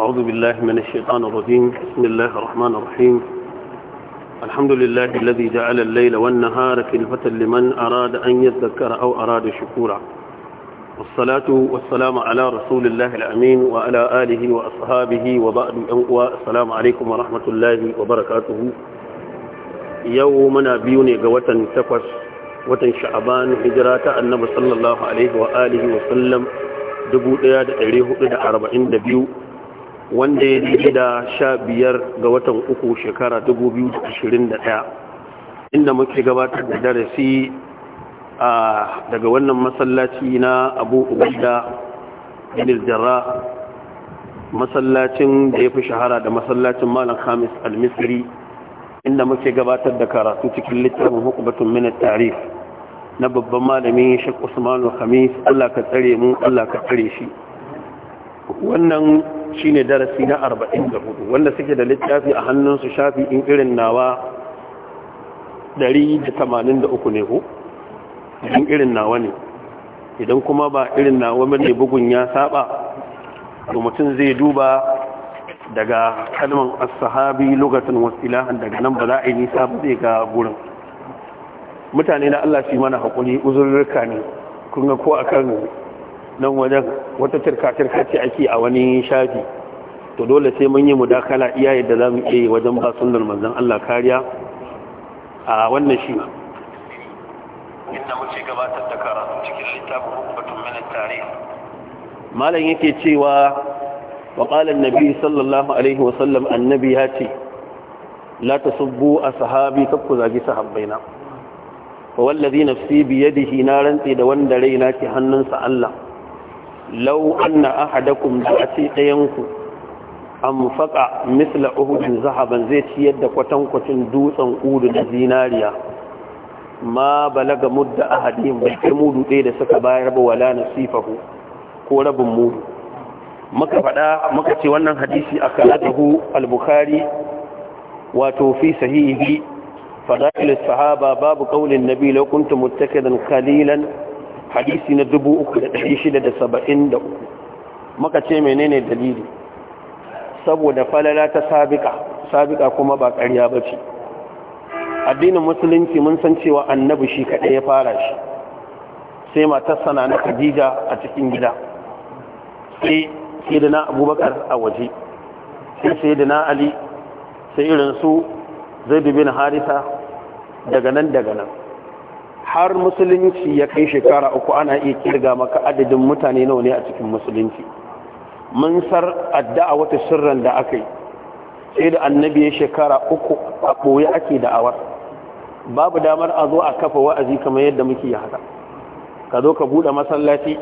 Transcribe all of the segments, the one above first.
أعوذ بالله من الشيطان الرجيم بسم الله الرحمن الرحيم الحمد لله الذي جعل الليل والنهار كلفة لمن أراد أن يذكر أو أراد شكورا والصلاة والسلام على رسول الله الأمين وعلى آله وأصحابه وبعد والسلام عليكم ورحمة الله وبركاته يومنا بيوني قوة تقوى watan sha'aban hijira ta annabi sallallahu alaihi wa alihi wa sallam 1442 wanda ya yi da sha biyar ga watan uku shekara 2021 inda muke gabatar da darasi a daga wannan masallaci na abu ubuda bin masallacin da ya fi shahara da masallacin malam hamis al-misri inda muke gabatar da karatu cikin littafin hukubatun minat tarif na babban malami shak usmanu hamis allah ka tsare mu allah ka tsare shi wannan Shi ne darasi na 44 wanda suke da littafi a hannunsu shafi in irin nawa 183 ne ku. in irin nawa ne idan kuma ba irin nawa bane bugun ya saba to mutum zai duba daga kalman as-sahabi lugatan wasilahan daga nan ba za a yi nisa ba zai ga gurin mutane na Allah shi mana haƙuri, uzurrika ne kun ga ko akan nan wajen wata turka-turka ce ake a wani shafi to dole sai mun yi mudakala iya yadda za mu iya wajen ba sunan manzan Allah kariya a wannan shi inda muke gabatar da karatu cikin littafin hukumatun minin tare malam yake cewa wa ƙalar nabi sallallahu alaihi wa sallam annabi ya ce la ta subbu a sahabi kakku zagi sahabbaina wa wallazi nafsi biyadihi na rantse da wanda raina ke hannunsa Allah lau anna ahadakum da a ce ɗayanku an faƙa misla uhudin zahaban zai ciyar da kwatankwacin dutsen udu da zinariya ma balaga mudda ahadin bai mudu ɗaya da saka bayar ba wala nasifahu ko rabin mudu muka ce wannan hadisi a kanadahu al-bukhari wato fi sahihi fadailus sahaba babu qaulin nabi law kuntum muttakidan qalilan hadisi na 3673 maka ce menene dalili saboda falala ta sabika sabika kuma ba ƙarya ba ce addinin musulunci mun san cewa annabi shi kaɗai ya fara shi sai matarsa sana na kadija a cikin gida sai sai da na abubakar a waje sai sai da na ali sai irin su zai bin harisa daga nan daga nan har musulunci ya kai shekara uku ana iya kirga maka adadin mutane nawa ne a cikin musulunci mun sar adda'a wata sirran da aka yi sai da annabi ya shekara uku a ɓoye ake da'awar babu damar a zo a kafa wa'azi kamar yadda muke haka ka zo ka buɗe masallaci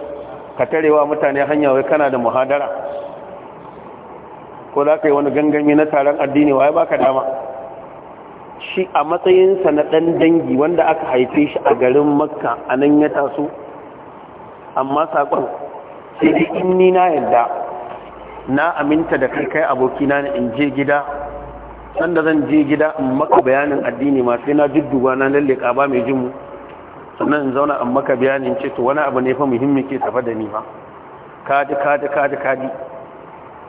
ka tarewa mutane hanya wai kana da muhadara ko za ka yi wani gangami na taron addini wa ya baka dama shi a matsayinsa na ɗan dangi wanda aka haife shi a garin makka a nan ya taso amma saƙon sai dai in ni na yarda na aminta da kai kai abokina na in je gida sanda zan je gida in maka bayanin addini ma sai na dudduba na lalle ba mai jinmu sannan in zauna in maka bayanin ce to wani abu ne fa muhimmi ke tafa da ni fa kaji kaji kaji kaji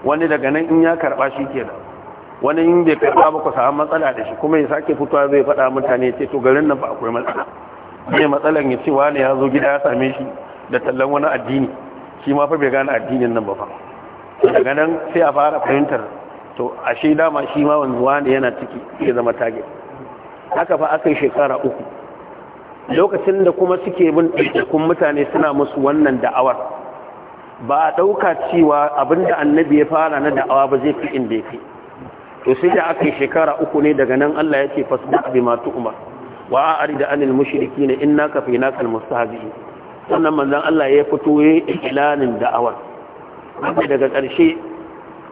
wani daga nan in ya karɓa shi kenan wani yin bai karɓa ba ku samu matsala da shi kuma ya sake fitowa zai faɗa mutane ce to garin nan ba akwai matsala ne matsalan ya ce wani ya zo gida ya same shi da tallan wani addini shi ma fa bai gane addinin nan ba fa daga nan sai a fara fahimtar to ashe dama shi ma wani yana ciki ya zama tage haka fa aka yi shekara uku lokacin da kuma suke bin ɗaiɗaikun mutane suna musu wannan da'awar ba a ɗauka cewa abinda annabi ya fara na da'awa ba zai fi inda ya fi to sai da aka shekara uku ne daga nan Allah ya ce fasda bi ma tu'mar wa a'rid anil mushrikin innaka fi naqal mustahzi'in sannan manzon Allah ya fito ya ilanin da'awar wanda daga ƙarshe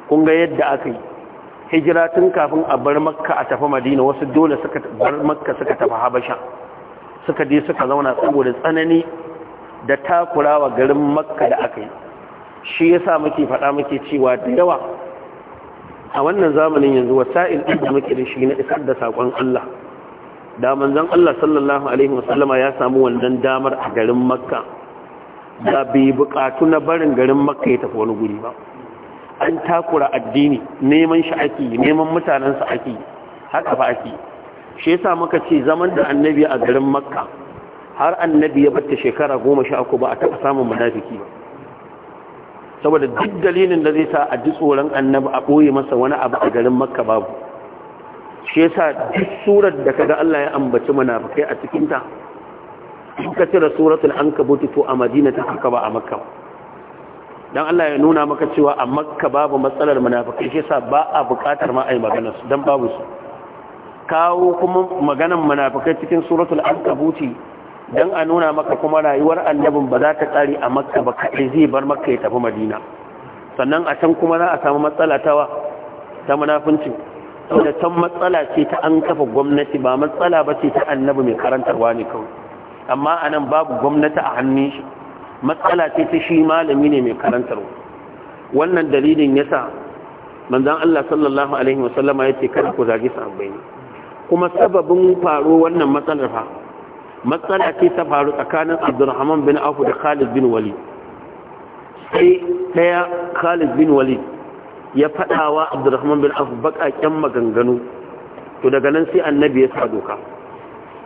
kun ga yadda aka yi hijira tun kafin a bar makka a tafi madina wasu dole suka bar makka suka tafi habasha suka je suka zauna saboda tsanani da takurawa garin makka da aka yi shi yasa muke faɗa muke cewa da yawa a wannan zamanin yanzu wasa'il ɗin da muke da shi na isar da saƙon Allah da manzon Allah sallallahu alaihi wasallama ya samu wannan damar a garin Makka da bai buƙatu na barin garin Makka ya tafi wani guri ba an takura addini neman shi ake neman mutanen sa ake haka fa ake shi yasa muka ce zaman da annabi a garin Makka har annabi ya batta shekara 13 ba a taɓa samun munafiki ba saboda duk dalilin da zai sa a ji tsoron annabi a ɓoye masa wani abu a garin makka babu shi yasa duk surar da kaga Allah ya ambaci munafikai a cikin ta in ka cire suratul ankabut to a madina ta haka ba a makka dan Allah ya nuna maka cewa a makka babu matsalar munafikai shi yasa ba a buƙatar ma ai magana su dan babu su kawo kuma maganar munafikai cikin suratul ankabuti don a nuna maka kuma rayuwar annabin ba za ta tsari a makka ba kaɗai zai bar makka ya tafi madina sannan a can kuma za a samu matsala tawa ta munafunci da can matsala ce ta an kafa gwamnati ba matsala ba ce ta annabi mai karantarwa ne kawai amma a nan babu gwamnati a hannun shi matsala ce ta shi malami ne mai karantarwa wannan dalilin ya sa manzan Allah sallallahu alaihi wasallama ya ce kada ku zagi sahabbai ne kuma sababin faro wannan matsalar fa matsala ce ta faru tsakanin abdurrahman bin afu da khalid bin wali sai ɗaya khalid bin wali ya faɗawa abdurrahman bin afu baƙaƙen maganganu to daga nan sai annabi ya sa doka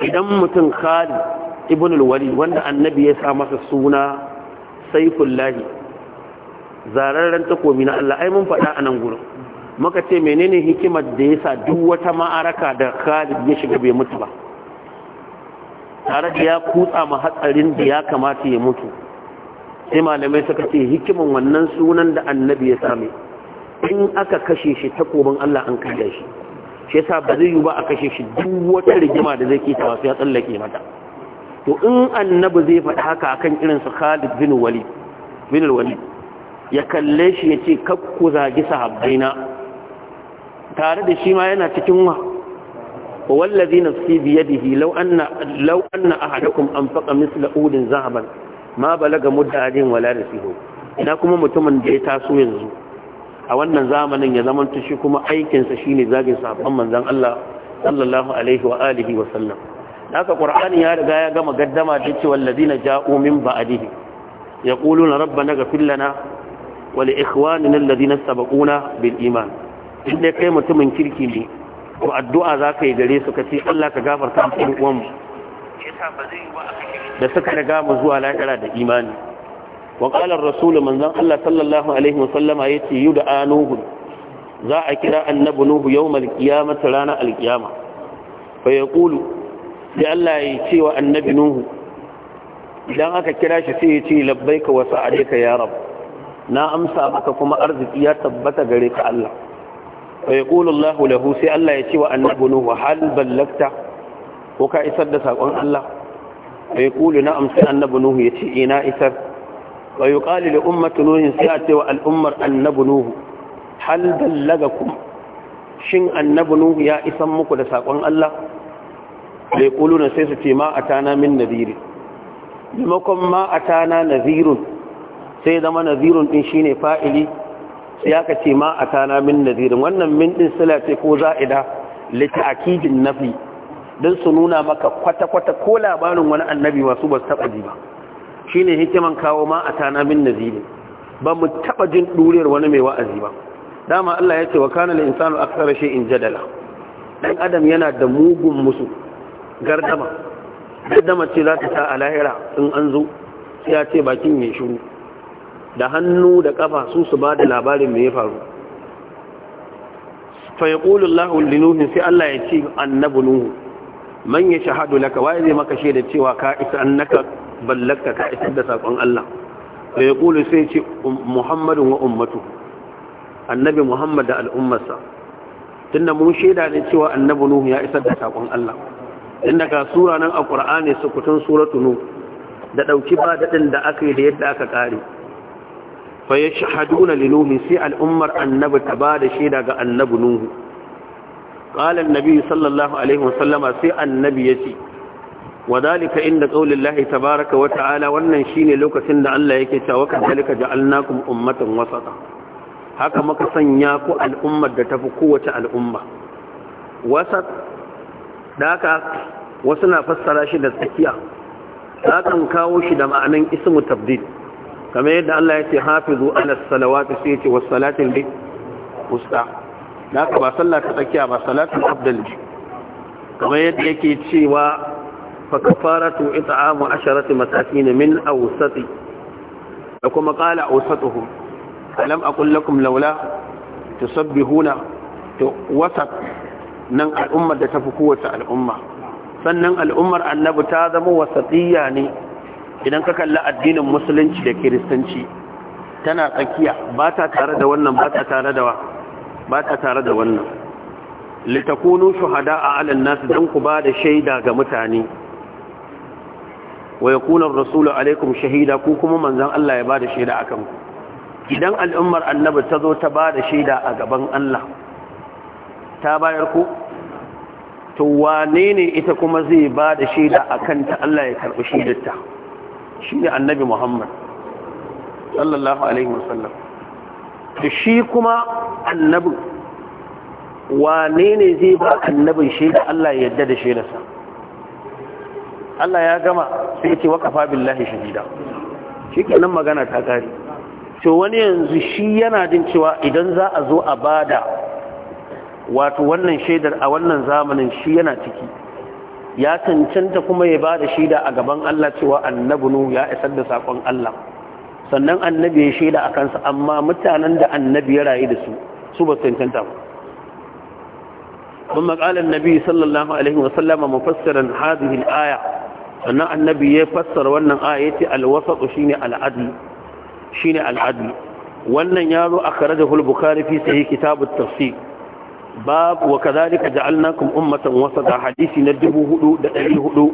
idan mutum khalid ibn wali wanda annabi ya sa masa suna saifullahi zararren takobi na Allah ai mun faɗa a nan gurin muka ce menene hikimar da ya sa duk wata ma'araka da khalid ya shiga bai mutu ba tare da ya kutsa ma hatsarin da ya kamata ya mutu sai malamai suka ce hikimin wannan sunan da annabi ya same in aka kashe shi takobin Allah an kashe shi shi yasa ba zai yi ba a kashe shi duk wata rigima da zai kitawa sai ya tsallake mata to in annabi zai faɗi haka akan irin su Khalid bin Walid bin Walid ya kalle shi ya ce kakku zagi sahabbaina tare da shi ma yana cikin wallazi nafsi biyadihi law anna law anna ahadakum anfaqa misla udin zahaban ma balaga mudadin wala rasihu ina kuma mutumin da ya taso yanzu a wannan zamanin ya zama shi kuma aikinsa shine zagin sabon manzon Allah sallallahu alaihi wa alihi wa sallam haka qur'ani ya riga ya gama gaddama da cewa allazina ja'u min ba'dihi yaquluna rabbana ighfir lana wa li ikhwanina alladhina sabaquna bil iman inda kai mutumin kirki ne to addu'a za ka yi gare su ka ce Allah ka gafarta mu ɗan uwanmu da suka riga mu zuwa lahira da imani wa qala ar-rasul manzon Allah sallallahu alaihi wa sallama yace yud'a nuhu za a kira annabi nuhu yawmal qiyamati rana alqiyama fa yaqulu sai Allah ya ce wa annabi nuhu idan aka kira shi sai ya ce labbaika wa sa'adika ya rab na amsa maka kuma arziki ya tabbata gare ka Allah wa yaqulu Allahu lahu sai Allah ya ce wa annabi nuhu hal ballagta ko ka isar da sakon Allah ya ce ina isar wa yuqalu li ummati sai a ce wa al'ummar annabi nuhu hal ballagakum shin annabi ya isan muku da sakon Allah wa yaquluna sai su ce ma atana min nadiri bimakon sai zama Naziru ɗin shine fa'ili sai aka ce ma a tana min nazirin wannan min ɗin sila ce ko za'ida lita'akidin nafi don su nuna maka kwata-kwata ko labarin wani annabi masu ba su taɓa ji ba shi ne hikiman kawo ma a tana min nazirin ba mu taɓa jin ɗuriyar wani mai wa'azi ba dama Allah ya ce wa kana da insanu a ƙasar shi in jadala ɗan adam yana da mugun musu gardama gardama ce za ta sa a lahira in an zo sai ya ce bakin mai shuru da hannu da kafa su su ba da labarin mai faru fa yaqulu Allahu sai Allah ya ce annabu nuhu man ya shahadu laka waye zai maka shaida cewa ka isa annaka ballakta ka isar da saƙon Allah fa ƙulu sai ce um, Muhammadun wa ummatu annabi Muhammad da al'ummarsa tunda mun shaida ne cewa annabu nuhu ya isar da saƙon Allah inda ka sura nan a Qur'ani sukutun suratu nuh da ɗauki ba daɗin da aka yi da yadda aka ƙare. fa yashhaduna li nuhi sai al'ummar annabi ta ba da shaida ga annabi nuhu ƙalar nabi sallallahu alaihi wasallama sai annabi ya ce. yace inda عند قول ta baraka taala wannan shi ne lokacin da Allah yake cewa ji alnakun ummatan wasata haka muka sanya ku al'ummar da tafi kowace al'umma wasat daka wasu na fassara shi da tsakiya kan kawo shi da ma'anin ismu tabdil kamar yadda Allah ya ce hafizu ala salawati sai ce was salatin bi usta da ka ba sallah ta tsakiya ba salatin afdal kamar yadda yake cewa fa kafaratu it'amu asharati masakin min awsati da kuma qala awsatuhum alam aqul lakum laula tusabbihuna to wasat nan al'ummar da tafi kowace al'umma sannan al'ummar annabi ta zama wasatiyya ne idan ka kalli addinin musulunci da kiristanci tana tsakiya ba ta tare da wannan ba ta tare da ba ta tare da wannan litakunu a alin nasu dan ku ba da shaida ga mutane wa yakuna ar-rasulu alaikum shahida ku kuma manzan Allah ya ba da shaida akan ku idan al'ummar annabi ta zo ta ba da shaida a gaban Allah ta bayar ku to wane ne ita kuma zai ba da shaida akan ta Allah ya karbi shaidarta Shi ne annabi muhammad sallallahu alaihi wasallam da shi kuma annabin wane ne zai ba annabin shaida Allah ya yadda da sa, Allah ya gama sai ce waqafa billahi shahida kenan magana ta kari to wani yanzu shi yana din cewa idan za a zo a bada wato wannan shaidar a wannan zamanin shi yana ciki ya cancanta kuma ya ba da shaida a gaban Allah cewa annabi nu ya isar da sakon Allah sannan annabi ya shaida a kansa amma mutanen da annabi ya rayu da su su ba cancanta ba kuma qalan nabi sallallahu alaihi wa sallama mufassiran hadhihi al-aya sannan annabi ya fassara wannan aya yace al-wasat shine al-adl shine al-adl wannan yazo akhrajahu al-bukhari fi sahih kitab at-tafsir باب وكذلك جعلناكم أمة وسطا حديث ندبو هدو دألي هدو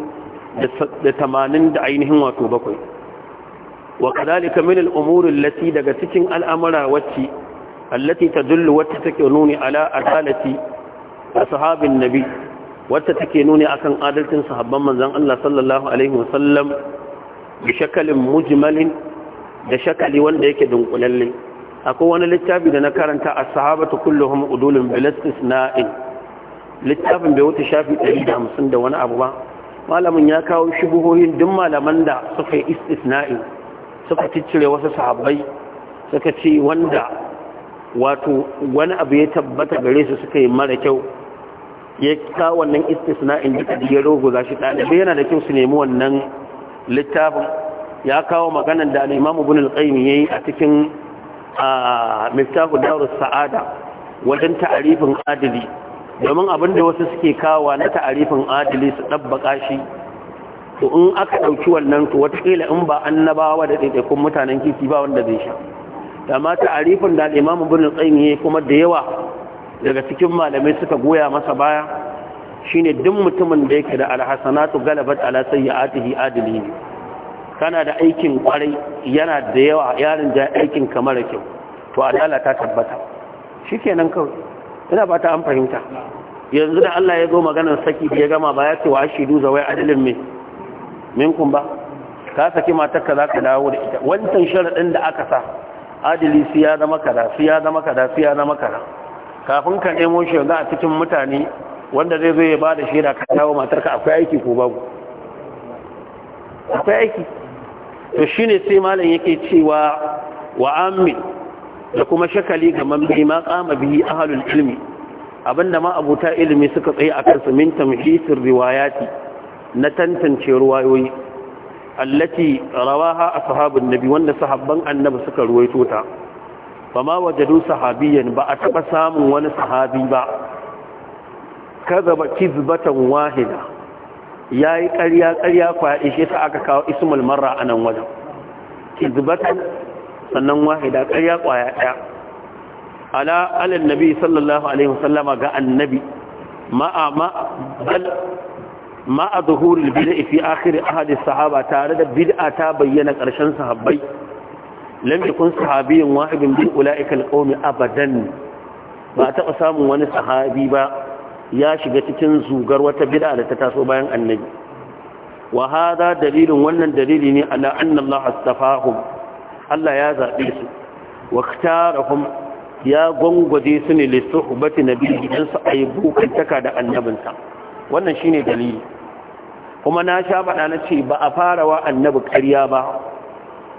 دتمانين دعينهم وتوبكوي وكذلك من الأمور التي دقتك الأمر وتي التي تدل وتتكنون على أدالة أصحاب النبي وتتكنون أكن آدلة صحابا من زن الله صلى الله عليه وسلم بشكل مجمل بشكل وان ديك دنقلل akwai wani littafi da na karanta a sahabatu kulluhum udulun bilastis na'in littafin bai wuce shafi 150 da wani abu ba malamin ya kawo shubuhohin duk malaman da suka yi istisna'in suka ciccire wasu sahabbai suka ce wanda wato wani abu ya tabbata gare su suka yi mara kyau ya ka wannan istisna'in duka da ya rogo za shi ɗalibai yana da kyau su nemi wannan littafin ya kawo maganan da al'imamu bin al'aimi ya yi a cikin a miftahu daurus sa'ada wajen ta'arifin adili domin abin da wasu suke kawa na ta'arifin adili su ɗabbaƙa shi to in aka ɗauki wannan to watakila in ba annabawa da ɗaiɗaikun mutanen kifi ba wanda zai sha amma ta'arifin da imamu bin tsayin kuma da yawa daga cikin malamai suka goya masa baya shine duk mutumin da yake da alhasanatu galabat ala sayyi'atihi adili ne kana da aikin kwarai yana da yawa yarin da aikin kamar kyau to adala ta tabbata shikenan kawai ina ba ta an fahimta yanzu da Allah ya zo maganar saki da ya gama ba ya ce wa ashidu zawai adalin min minkum ba ka saki matar za ka dawo da ita wancan sharadin da aka sa adili su ya zama kada su ya zama kada su ya zama kada kafin ka nemo shi yanzu a cikin mutane wanda zai zo ya ba da shaida ka dawo matarka akwai aiki ko babu akwai aiki to shi ne sai malam yake cewa wa Amin da kuma shakali ga mambi ma kama bihi ahlul ilmi abinda ma abuta ilimi suka tsaye akan su min tamhisir riwayati na tantance ruwayoyi allati rawaha ashabun nabi wanda sahabban annabi suka ruwaito ta fama wajadu sahabiyan ba a taba samun wani sahabi ba kazaba kizbatan wahida ya yi karya karya kwaɗe shi ta aka kawo ismul marra a nan wajen kizbatan sannan wahida karya kwaya ɗaya ala alal nabi sallallahu alaihi wasallama ga annabi ma'a ma'a zuhurul bid'a fi akhir ahadis sahaba tare da bid'a ta bayyana ƙarshen sahabbai lam yakun sahabiyyan wahidun bi ulaika alqawmi abadan ba taɓa samun wani sahabi ba ya shiga cikin zugar wata bid'a da ta taso bayan annabi wa hada dalilin wannan dalili ne ala anna Allah astafahum Allah ya zabe su wa ikhtarahum ya gwangwaje su ne li suhbati nabiyyi dan su ayi bukantaka da annabinsa wannan shine dalili kuma na sha bada na ce ba a fara wa annabi ƙarya ba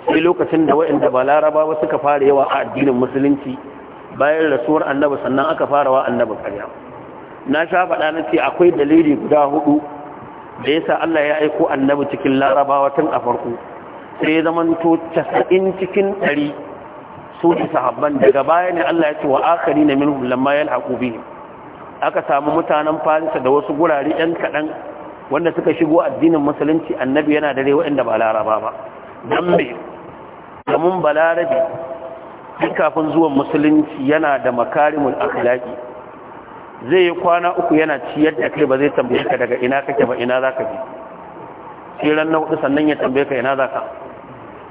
sai lokacin da waɗanda ba larabawa suka fara yawa a addinin musulunci bayan rasuwar annabi sannan aka fara wa annabi ƙarya na sha faɗa na ce akwai dalili guda hudu da ya sa Allah ya aiko annabi cikin larabawa tun a farko sai ya zama to casa'in cikin ɗari su ci sahabban daga baya ne Allah ya ce wa akari na min lamma yal haƙubi aka samu mutanen farisa da wasu gurare ɗan kaɗan wanda suka shigo addinin musulunci annabi yana dare waɗanda ba laraba ba don me kamun balarabe duk kafin zuwan musulunci yana da makarimul akhlaqi zai yi kwana uku yana ciyar da kai ba zai tambaye ka daga ina kake ba ina za ka bi ran na hudu sannan ya tambaye ka ina za ka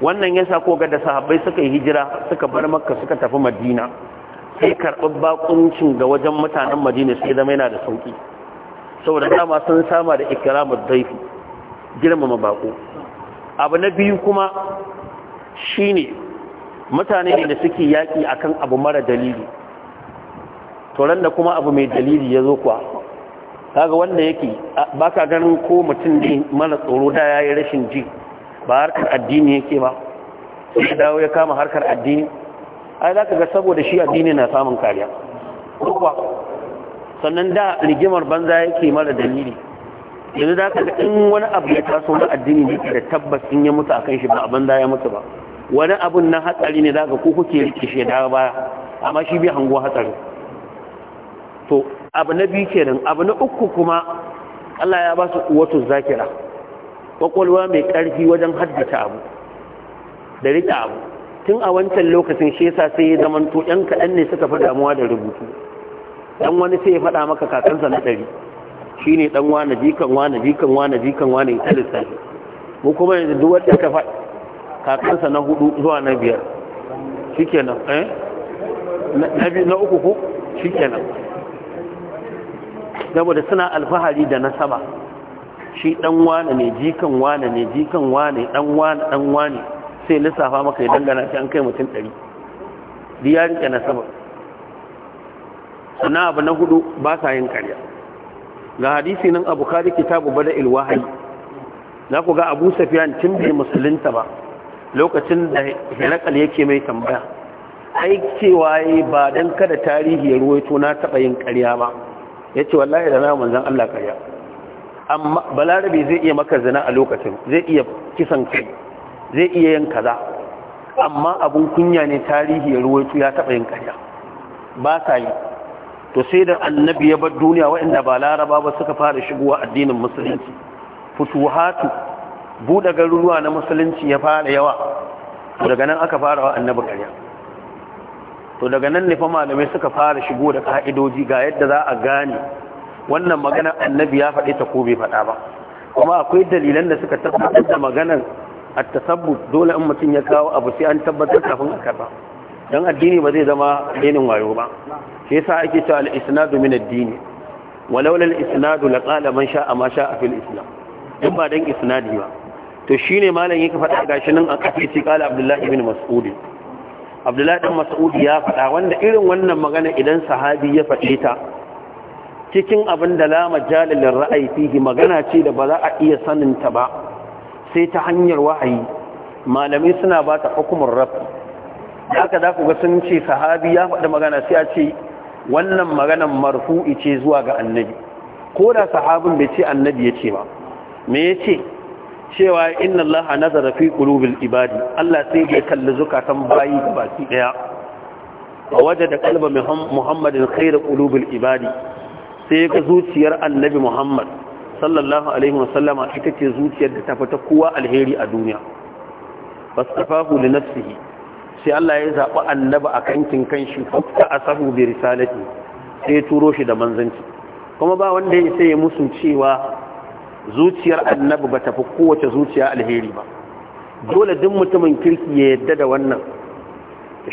wannan ya sa koga da sahabbai suka yi hijira suka bar makka suka tafi madina sai karɓi bakuncin ga wajen mutanen madina sai zama yana da sauƙi saboda dama sun sama da ikramar daifi girmama bako abu na biyu kuma shine mutane ne da suke yaƙi akan abu mara dalili to ran da kuma abu mai dalili ya zo kuwa kaga wanda yake ka ganin ko mutum ne mara tsoro da yayi rashin ji ba harkar addini yake ba sai dawo ya kama harkar addini ai zaka ga saboda shi addini na samun kariya kuwa sannan da rigimar banza yake mara dalili yanzu za ka in wani abu ya taso na addini ne da tabbas in ya mutu akan shi ba a banza ya mutu ba wani abun na hatsari ne za ka ko kuke rike shi da baya amma shi bai hango hatsari to abu na biyu kenan abu na uku kuma Allah ya ba su kuwatu zakira kwakwalwa mai ƙarfi wajen haddace abu da rike abu tun a wancan lokacin shi yasa sai ya zama to ɗan kaɗan ne suka fi damuwa da rubutu ɗan wani sai ya faɗa maka kakansa na ɗari shi ne ɗan wane jikan wani jikan wani jikan wane ita lissafi mu kuma yanzu duk wata ka faɗi kakansa na hudu zuwa na biyar shikenan eh na uku ko shikenan saboda suna alfahari da nasaba shi dan wane ne jikan wane ne jikan wane dan wane dan wane sai lissafa maka ya dangana shi an kai mutum 100 ya rike nasaba sannan abu na hudu ba sa yin karya ga hadisi nan abu kari kitabu bada ilwahayi za ku ga abu safiyan tun bai musulunta ba lokacin da hinakal yake mai tambaya ai cewa ba dan kada tarihi ya ruwaito na taɓa yin ƙarya ba ya ce wallahi da namun zan Allah karya amma balarabe zai iya maka zina a lokacin zai iya kisan kai zai iya yin kaza amma abun kunya ne tarihi ya ruwaitu ya taɓa yin karya ba sa yi to sai da annabi ya bar duniya waɗanda ba laraba ba suka fara shigowa addinin musulunci futuhatu buɗe garuruwa na musulunci ya fara yawa daga nan aka fara wa annabi karya to daga nan ne fa malamai suka fara shigo da ka'idoji ga yadda za a gane wannan magana annabi ya faɗe ta ko bai faɗa ba kuma akwai dalilan da suka tabbatar da maganar at-tasabbut dole in mutum ya kawo abu sai an tabbatar kafin a karba dan addini ba zai zama dinin wayo ba shi yasa ake cewa al-isnadu min ad-din walau lal isnadu qala man sha'a ma sha'a fil islam in ba dan isnadi ba to shine malam yake faɗa gashi nan a kafi qala abdullahi ibn mas'ud abdullahi dan mas'ud ya faɗa wanda irin wannan magana idan sahabi ya faɗe ta cikin abin da la majalil ra'ayi fihi magana ce da ba za a iya sanin ta ba sai ta hanyar wahayi malamai suna ba ta hukumar raf haka za ku ga sun ce sahabi ya faɗa magana sai a ce wannan maganan marfu'i ce zuwa ga annabi ko da sahabin bai ce annabi ya ce ba me ya ce cewa inna allaha nazara fi qulubil ibadi Allah sai ya kalli zukatan bayi baki daya a waje da kalba muhammadin khairu qulubil ibadi sai ga zuciyar annabi muhammad sallallahu alaihi wasallama ita ce zuciyar da ta kowa alheri a duniya fastafahu li nafsihi sai Allah ya zaɓi annabi a kankin kanshi ta asabu bi risalati sai turo shi da manzanci kuma ba wanda ya sai ya musu cewa zuciyar annabi ba tafi kowace zuciya alheri ba dole duk mutumin kirki ya yadda da wannan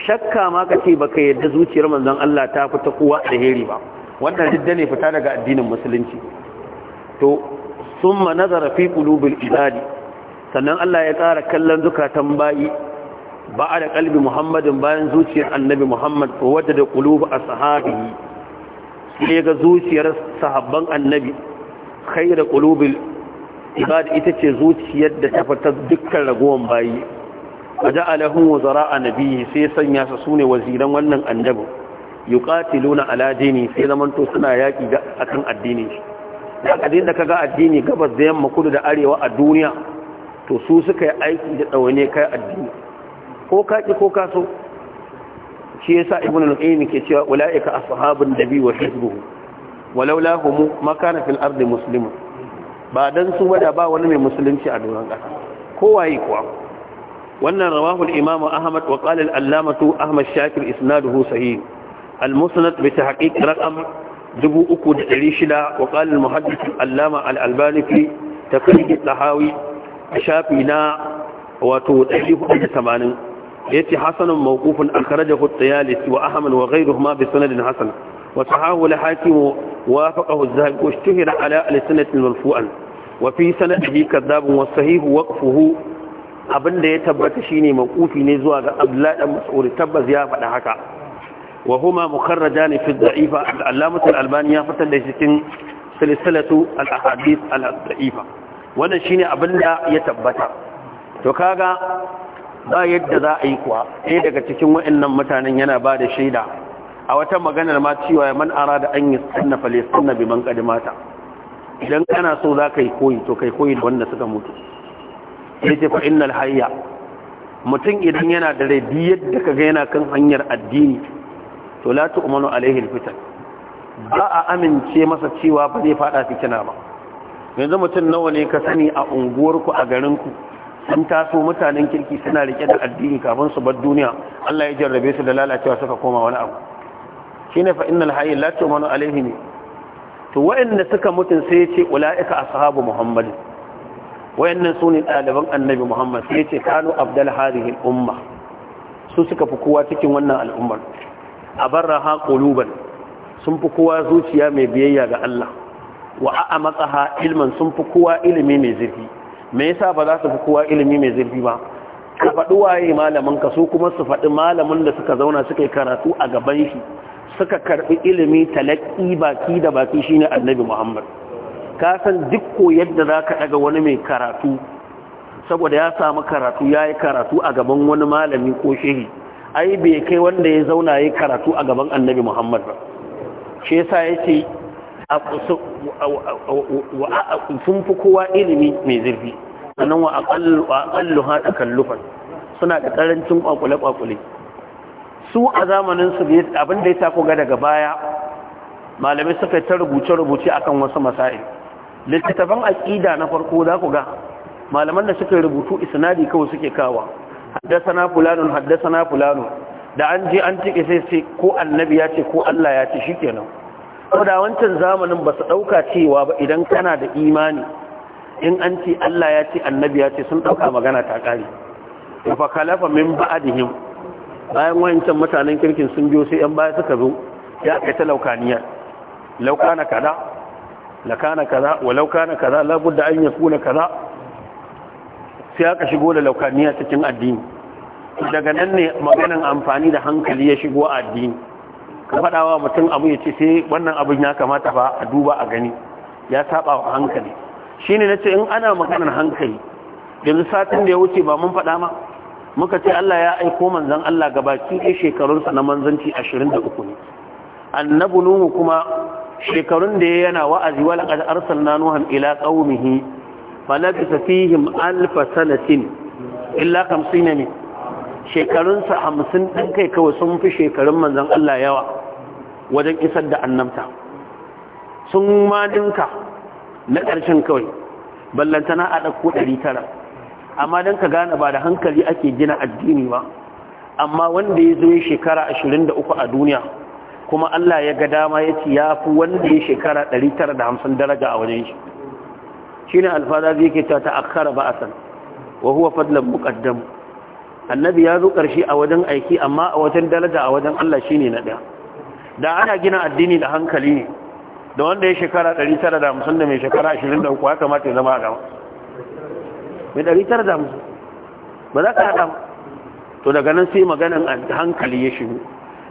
shakka ma ka ce ba ka yadda zuciyar manzon Allah ta fi ta kowa alheri ba wannan didda ne fita daga addinin musulunci to sun ma nazara fi qulubil ibadi sannan Allah ya tsara kallon zukatan bayi ba da kalbi Muhammadin bayan zuciyar annabi Muhammad wadda da kulubu a sahabi sai ga zuciyar sahabban annabi da qulubil ibad ita ce zuciyar da ta fata dukkan ragowan bayi waja'alahum wazara'a nabiyyi sai sanya su sune waziran wannan annabi yuqatiluna ala dini sai zaman to suna yaki ga akan addini da kadin da kaga addini gabas da yamma kudu da arewa a duniya to su suka yi aiki da dawane kai addini ko kaki ko kaso shi yasa ibnu al-qayyim ke cewa ulaika ashabun nabiyyi wa hizbuhu walaula humu makana fil ardi muslimun ba dan su wada ba wani mai musulunci a doron ƙasa kowaye kuwa wannan rawahul imam ahmad wa qala al-allamatu ahmad shakir isnaduhu sahih al-musnad bi tahqiq raqam 3600 wa qala al-muhaddith al-allama al-albani fi tafsir al-tahawi shafi na wato 480 yace hasanun mawqufun akhrajahu at-tayalisi wa ahmad wa ghayruhuma bi sanadin hasan وصحاه الحاكم وافقه الذهبي واشتهر على السنة مرفوعا وفي سنده كذاب والصحيح وقفه abin da ya tabbata shine makufi ne zuwa ga Abdullahi dan Mas'ud tabbas ya faɗa haka wa huma mukarrajan fi dha'ifa al-Allamah al-Albani ya fitar da cikin silsilatu al-ahadith al-dha'ifa wannan shine abin da ya tabbata to kaga ba yadda za a yi kuwa ɗaya daga cikin waɗannan mutanen yana ba da shaida a wata maganar ma cewa man da an yi sunna fale sunna bi man kadimata idan kana so za ka koyi to kai koyi da wanda suka mutu sai ce fa innal hayya mutum idan yana da rai yadda ka ga yana kan hanyar addini to la tu'manu alaihi alfitan ba a amince masa cewa ba zai fada fitina ba yanzu mutum nawa ne ka sani a unguwarku a garin ku? sun taso mutanen kirki suna rike da addini kafin su bar duniya Allah ya jarrabe su da lalacewa suka koma wani abu shine fa innal hayy la tu'manu alayhi to wa'anda suka mutun sai yace ulaika ashabu muhammad wa'annan suni ɗaliban annabi muhammad sai yace kanu abdal hadhihi umma su suka fi kowa cikin wannan al'ummar abarraha quluban sun fi kowa zuciya mai biyayya ga Allah wa a'amatsaha ilman sun fi kowa ilimi mai zurfi me yasa ba za su fi kowa ilimi mai zurfi ba ka faɗi waye malamin ka su kuma su faɗi malamin da suka zauna suka yi karatu a gaban shi suka karbi ilimi talaki baki da baki shine annabi muhammad ka san duk koyar da za ka daga wani mai karatu saboda ya samu karatu ya yi karatu a gaban wani malami ko shehi ai bai kai wanda ya zauna ya yi karatu a gaban annabi muhammad ba shi yasa ya ce sun fi kowa ilimi mai zurfi sannan wa aƙallu haɗa kallufan suna da ƙarancin ƙwaƙule-ƙwaƙule su a zamanin su abin da ya sa ga daga baya malamai suka ta rubuce-rubuce akan wasu masai littattafan aƙida na farko za ku ga malaman da suka rubutu isnadi kawai suke kawa fulano haddasa na fulano da an je an tike sai sai ko annabi ya ce ko Allah ya ce shikenan ko da wancan zamanin ba su ɗauka cewa ba idan kana da imani in an ce Allah ya ce annabi ya ce sun ɗauka magana ta kare min bayan wancan mutanen kirkin sun biyo sai yan baya suka zo ya kai ta laukaniya laukana kaza laukana kaza wa laukana kaza labudda an yakuna kaza sai aka shigo da laukaniya cikin addini daga nan ne maganin amfani da hankali ya shigo addini ka faɗawa mutum abu ya ce sai wannan abin ya kamata ba a duba a gani ya saba wa hankali shine ce in ana maganar hankali yanzu satin da ya wuce ba mun faɗa ma muka ce Allah ya aiko manzan Allah gabaki ɗaya shekarunsa na manzanci 23 ne annabu nuhu kuma shekarun da yana wa'azi wala qad arsalna nuhan ila qaumihi falabisa fihim alf sanatin illa 50 ne shekarunsa 50 din kai kawai sun fi shekarun manzan Allah yawa wajen isar da annabta sun ma dinka na ƙarshen kawai ballantana a ɗauko 900 amma don ka gane ba da hankali ake gina addini ba amma wanda ya zo shekara 23 a duniya kuma Allah ya ga dama ya ci ya fi wanda ya shekara 950 daraja a wajen shi shi ne alfada zai ke ta ta'akkara ba a san wa huwa fadlan muqaddam annabi ya zo ƙarshe a wajen aiki amma a wajen daraja a wajen Allah shi ne na ɗaya da ana gina addini da hankali ne da wanda ya shekara 950 da mai shekara 23 ya kamata ya zama a gama. mai ɗari tara da musu ba za ka haɗa to daga nan sai maganan hankali ya shigo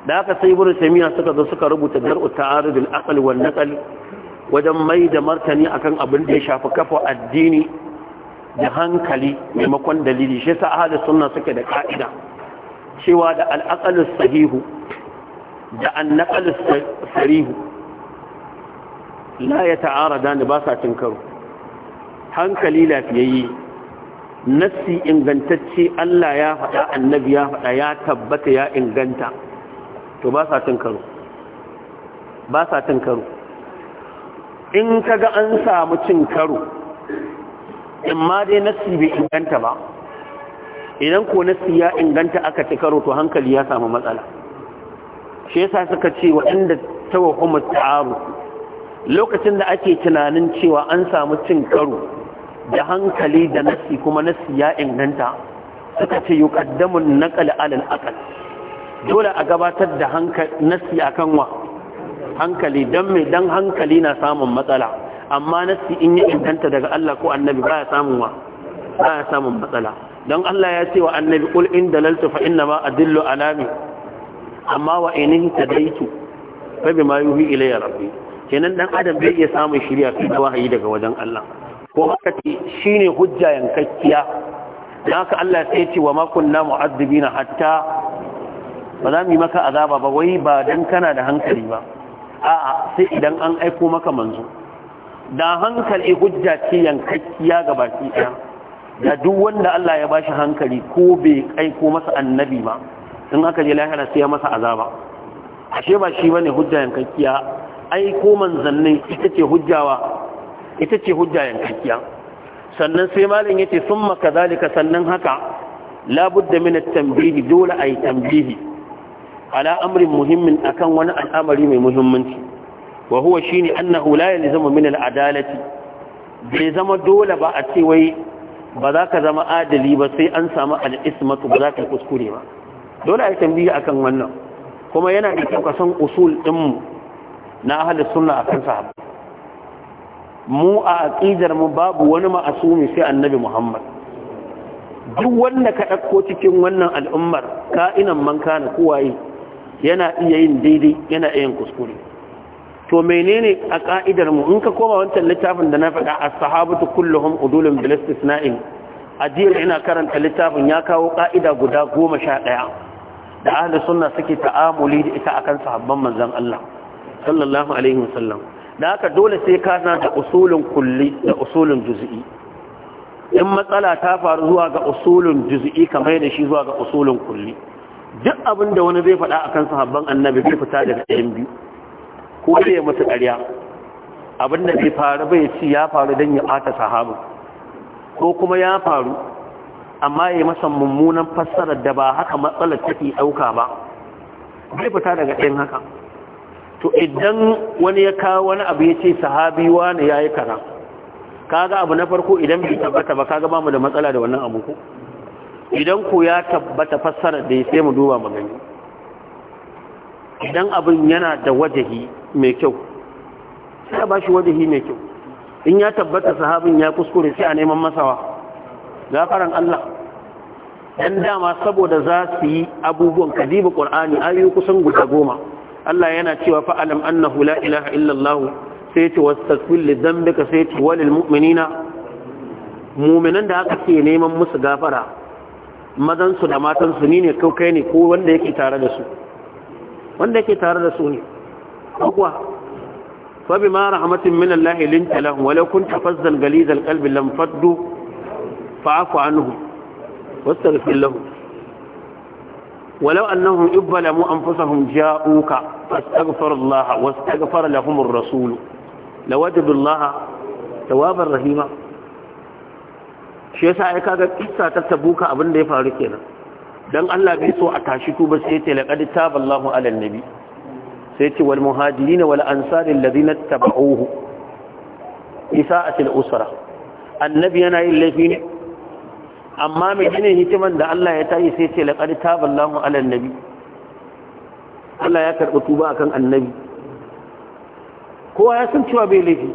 da aka sai burin samiya suka zo suka rubuta dar'u ta'arudul aqal wal naqal wajen mai da martani akan abin da ya shafi kafa addini da hankali maimakon dalili shi sa ahadu sunna suke da ka'ida cewa da al'akalin sahihu da annaqalus sarihu la yata'aradani ba sa cin karo hankali lafiyayye nassi ingantacce Allah ya faɗa annabi ya faɗa ya tabbata ya inganta to ba sa tun karo ba sa tun karo in kaga an samu cin karo in ma dai nassi bai inganta ba idan ko nassi ya inganta aka ci karo to hankali ya samu matsala shi yasa suka ce waɗanda tawahumut ta'aru lokacin da ake tunanin cewa an samu cin karo da hankali da nasi kuma nasi ya inganta suka ce yi ƙaddamun naƙali alal akal dole a gabatar da nasi akan wa hankali don mai don hankali na samun matsala amma nasi in yi inganta daga Allah ko annabi ba ya samun wa ba ya samun matsala don Allah ya ce wa annabi ƙul in dalaltu fa inna ma adillu alami amma wa ainihin tadaitu fa bima yuhi ilayya rabbi kenan dan adam bai iya samun shirya kai da wahayi daga wajen Allah ko aka ce ne hujja yankakkiya dan haka Allah sai ce wa namu azubi na hatta ba za mu yi maka azaba ba wai ba don kana da hankali ba a'a sai idan an aiko maka manzo da hankali hujja ce yankakkiya ga baki ɗaya da duk wanda Allah ya bashi hankali ko bai aiko masa annabi ba in aka je lahira sai ya masa azaba ashe ba shi bane hujja yankakkiya aiko manzannin ita ce hujjawa ita ce hujja yankakkiya sannan sai malam yace summa kadhalika sannan haka labudda min at-tanbih dole ay tanbih ala amrin muhimmin akan wani al'amari mai muhimmanci wa huwa shine annahu la yalzamu min al-adalati bai zama dole ba a ce wai ba za ka zama adali ba sai an samu al-ismatu ba za ka kuskure ba dole ay tanbih akan wannan kuma yana da kyau ka san usul din na ahlus sunna akan sahabbai mu a aƙidar mu babu wani ma'asumi sai annabi Muhammad duk wanda ka ɗauko cikin wannan al'ummar ka'inan man kana kuwaye yana iya yin daidai yana iya yin kuskure to menene a ka'idar mu in ka koma wancan littafin da na faɗa as-sahabatu kulluhum udulun bil istisna'in ajiyar ina karanta littafin ya kawo ka'ida guda goma sha ɗaya da ahli sunna suke ta'amuli da ita akan sahabban manzon Allah sallallahu alaihi wasallam da haka dole sai ka na da usulun kulli da usulun juz'i in matsala ta faru zuwa ga usulun juz'i kamar da shi zuwa ga usulun kulli duk abin da wani zai faɗa akan sahabban annabi bai fita daga ɗayan biyu ko zai mutu ƙarya abin da bai faru bai ci ya faru don ya ɓata sahabu ko kuma ya faru amma ya masa mummunan fassarar da ba haka matsalar take ɗauka ba bai fita daga ɗayan haka to idan wani ya kawo wani abu ya ce sahabi wani ya yi kara kaga abu na farko idan bai tabbata ba kaga bamu da matsala da wannan abu ku? idan ku ya tabbata fassara da ya sai mu duba mu gani idan abin yana da wajahi mai kyau sai a bashi wajahi mai kyau in ya tabbata sahabin ya kuskure sai a neman masawa gafaran Allah dan dama saboda za su yi abubuwan kadibu qur'ani ayyuku sun guda goma Allah yana cewa fa'alam annahu la ilaha illallah sai ce wastaghfir li dhanbika sai ce walil mu'minina mu'minan da aka ke neman musu gafara mazan su da matan su ne ko kai ne ko wanda yake tare da su wanda yake tare da su ne kuwa fa bima rahmatin min Allah linta lahum wa law kunta fazzan ghaliz alqalbi lam faddu fa'fu anhum wastaghfir lahum ولو أنهم إبلموا أنفسهم جاءوك فاستغفر الله واستغفر لهم الرسول لوجدوا الله توابا رحيما shi yasa ai kaga kissa ta tabuka abin da ya faru kenan dan Allah bai so a tashi tuba sai ce laqad taballahu ala annabi sai ce wal muhajirin wal ansar alladhina tabauhu isa'atil usra annabi yana yin laifi ne amma mai ginin hikiman da Allah ya tayi sai ce laqad taballahu ala annabi Allah ya karɓi tuba akan annabi kowa ya san cewa bai laifi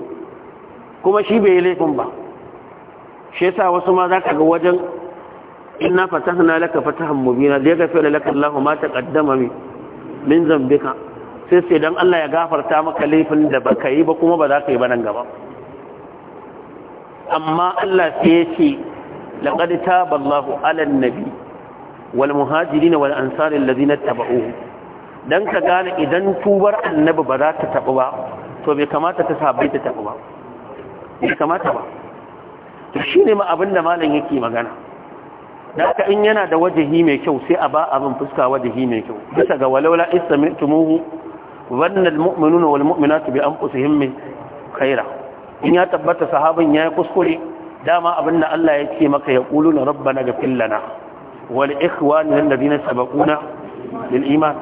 kuma shi bai laifin ba shi yasa wasu ma za ka ga wajen inna fatahna laka fatahan mubina da ya da laka Allah ma ta kaddama min min zambika sai sai dan Allah ya gafarta maka laifin da ka yi ba kuma ba za ka yi ba nan gaba amma Allah sai ya ce لقد تاب الله على النبي والمهاجرين والأنصار الذين اتبعوه dan ka gane idan tubar annabi ba za ta taɓa ba to bai kamata ta sabai ta taɓa ba bai kamata ba to shi ne ma abin da malam yake magana da ka in yana da wajahi mai kyau sai a ba abin fuska wajahi mai kyau bisa ga walaula istamitumuhu wannan almu'minuna wal mu'minatu bi anfusihim min kaira. in ya tabbata sahabin yi kuskure dama abinda Allah ya ce maka ya ƙulu na rabba na gafin lana wal ikhwani nan da zina sabakuna lil iman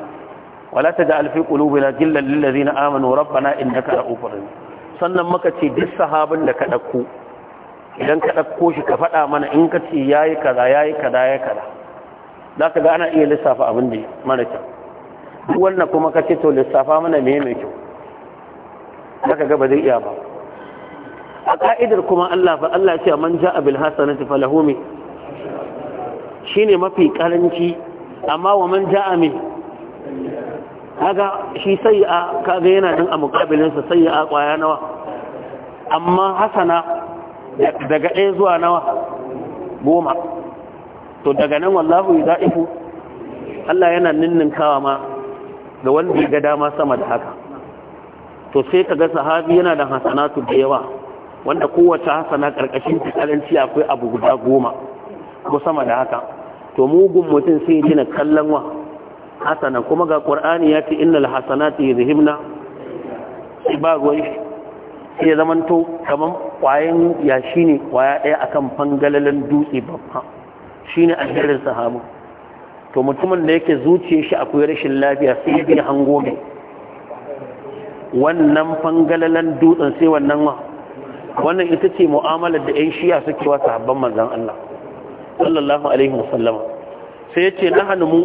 wala ta da alfi ƙulu na jillan lillazi na amanu rabba na inda ka ra'ufar sannan maka ce duk sahabin da ka ɗauko idan ka ɗauko shi ka faɗa mana in ka ce ya yi kaza ya yi kaza ya kaza za ka ga ana iya lissafa abin da mara kyau duk wannan kuma ka ce to lissafa mana me mai kyau za ka ga ba zai iya ba a ka'idar kuma Allah fa Allah ce man ja'a bil hasanati falahu Shi shine mafi karanci amma wa man ja'a min kaga shi a kaga yana din a mukabilin sa a kwaya nawa amma hasana daga ɗaya zuwa nawa goma to daga nan wallahu za'ifu Allah yana ninninkawa ma ga wanda ya ga dama sama da haka to sai ka ga sahabi yana da hasanatu da yawa wanda kowace hasana karkashin tsaranci akwai abu guda goma ko sama da haka to mugun mutum sai jina kallon wa hasana kuma ga qur'ani ya ce innal hasanati yuzhibna sai ba goyi sai kamar kaman kwayan yashi ne kwaya ɗaya akan fangalalen dutse babba shine alherin sahabu to mutumin da yake zuciya shi akwai rashin lafiya sai bi hango mai wannan fangalalen dutsen sai wannan wa wannan ita ce mu'amalar da 'yan shiya suke wa sahabban manzan Allah sallallahu alaihi wasallama sai ya ce nahanu mu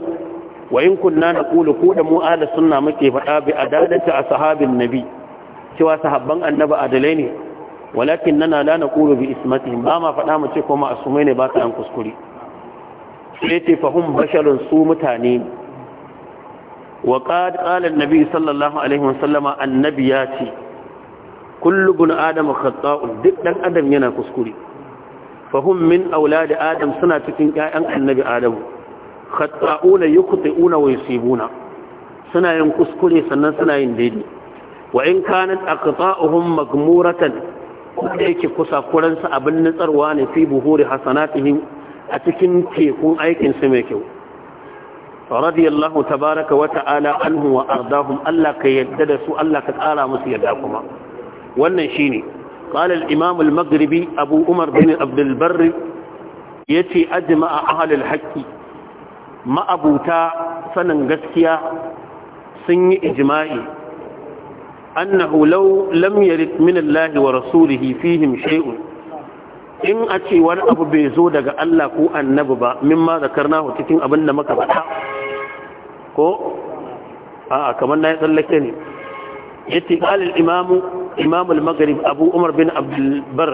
wa in kunna naqulu ko da mu ahli sunna muke faɗa bi adalati ashabin nabi cewa sahabban annabi adalai ne walakin nana la naqulu bi ismatihim ba ma faɗa mu ce ko ma'asumai ne ba su an kuskure sai ya ce fahum basharun su mutane wa qad qala an-nabi sallallahu alaihi wasallama annabi ya ce kullu bin adam khata'un duk dan adam yana kuskure fahum min aulad adam suna cikin ƴaƴan annabi adam khata'una yukhti'una wa yusibuna suna yin kuskure sannan suna yin daidai wa in kanat aqta'uhum magmuratan da yake kusa kuransu abin nutsarwa ne fi buhuri hasanatihim a cikin tekun aikin su mai kyau radiyallahu tabaraka wa ta'ala anhu wa ardahum Allah ka yadda da su Allah ka tsara musu yadda kuma wannan shi ne ƙalar imamul magribi abu umar bin abdulbarri ya ce ajima a ahalin haƙƙi ma'abuta sanin gaskiya sun yi ijima'i An law lam yarid min Allah wa rasulihi fihim shay'un in a ce wani abu bai zo daga Allah ko annabi ba min ma zakarna cikin abin da muka faɗa ko a'a kamar na yi tsallake ne yace qala al-imam imam al-maghrib abu umar bin abdul bar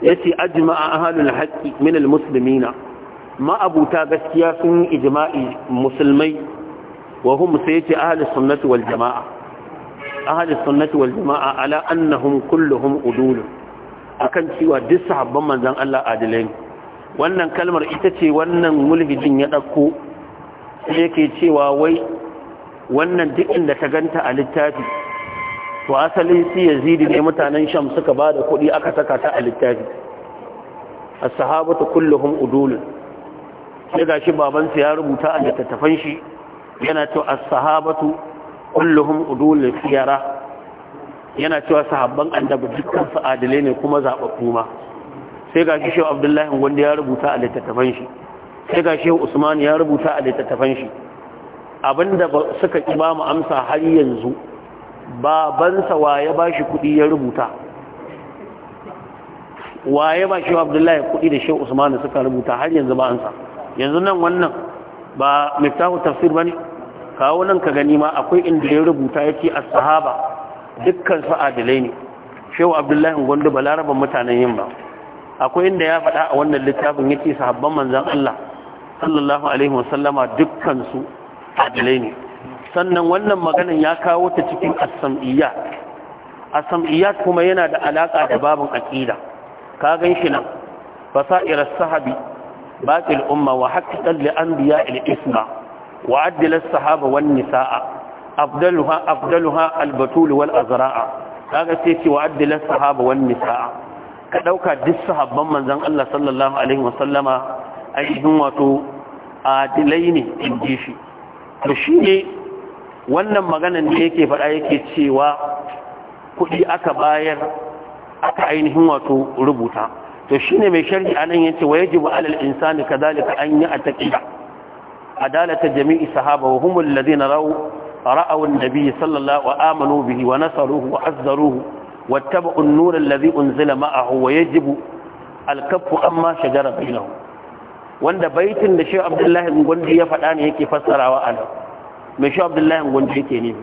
yace ajma'a ahlul haqqi min al-muslimina ma abuta gaskiya sun ijma'i musulmai wa hum sayati ahlus sunnati wal jama'a ahlus sunnati wal jama'a ala annahum kulluhum udul akan cewa duk sahabban manzon Allah adilai wannan kalmar ita ce wannan mulhidin ya dauko sai yake cewa wai wannan duk inda ka ganta a littafi to asali si yazidi ne mutanen sham suka ba da kuɗi aka saka ta a littafi a sahabata kulluhum udulun sai ga shi babansu ya rubuta a littattafan shi yana cewa a sahabatu kulluhum udulun fiyara yana cewa sahabban annabi dukkan su adalai ne kuma zaɓaɓɓu ma sai ga shi shehu abdullahi wanda ya rubuta a littattafan shi sai ga shehu usman ya rubuta a littattafan shi abinda suka ƙi ba mu amsa har yanzu babansa waye ba shi kuɗi ya rubuta waye ba shi abdullahi kuɗi da shehu usmanu suka rubuta har yanzu ba ansa yanzu nan wannan ba miftahu tafsir bane kawo nan ka gani ma akwai inda ya rubuta yake as-sahaba dukkan su adilai ne shehu abdullahi gondo balaraban mutanen yin ba akwai inda ya faɗa a wannan littafin yace sahabban manzon Allah sallallahu alaihi wasallama dukkan su adilai ne sannan wannan maganan ya kawo ta cikin asam'iyya asam'iyya kuma yana da alaƙa da babin aqida ka gan shi nan Fasa'irar sahabi baqil umma wa haqqan li anbiya al isma wa addala sahaba wan nisaa afdaluha afdaluha al batul wal azraa kaga sai ce wa addala sahaba wan nisaa ka dauka duk sahabban manzon Allah sallallahu alaihi wasallama ainihin wato adilai ne in ji shi to shi ne wannan maganan da yake faɗa yake cewa kuɗi aka bayar aka ainihin wato rubuta to shine mai sharhi anan yace wa yajibu alal insani kadhalika an ya'taqida adalata jami'i sahaba wa humul ladina raw ra'aw an-nabiy sallallahu wa amanu bihi wa nasaruhu wa azzaruhu واتبعوا النور الذي أنزل معه ويجب الكف أما شجر بينهم wanda baitin da shi Abdullahi Gondi ya faɗa ne yake fassarawa a nan mai shi abdullahi gwanda yake ne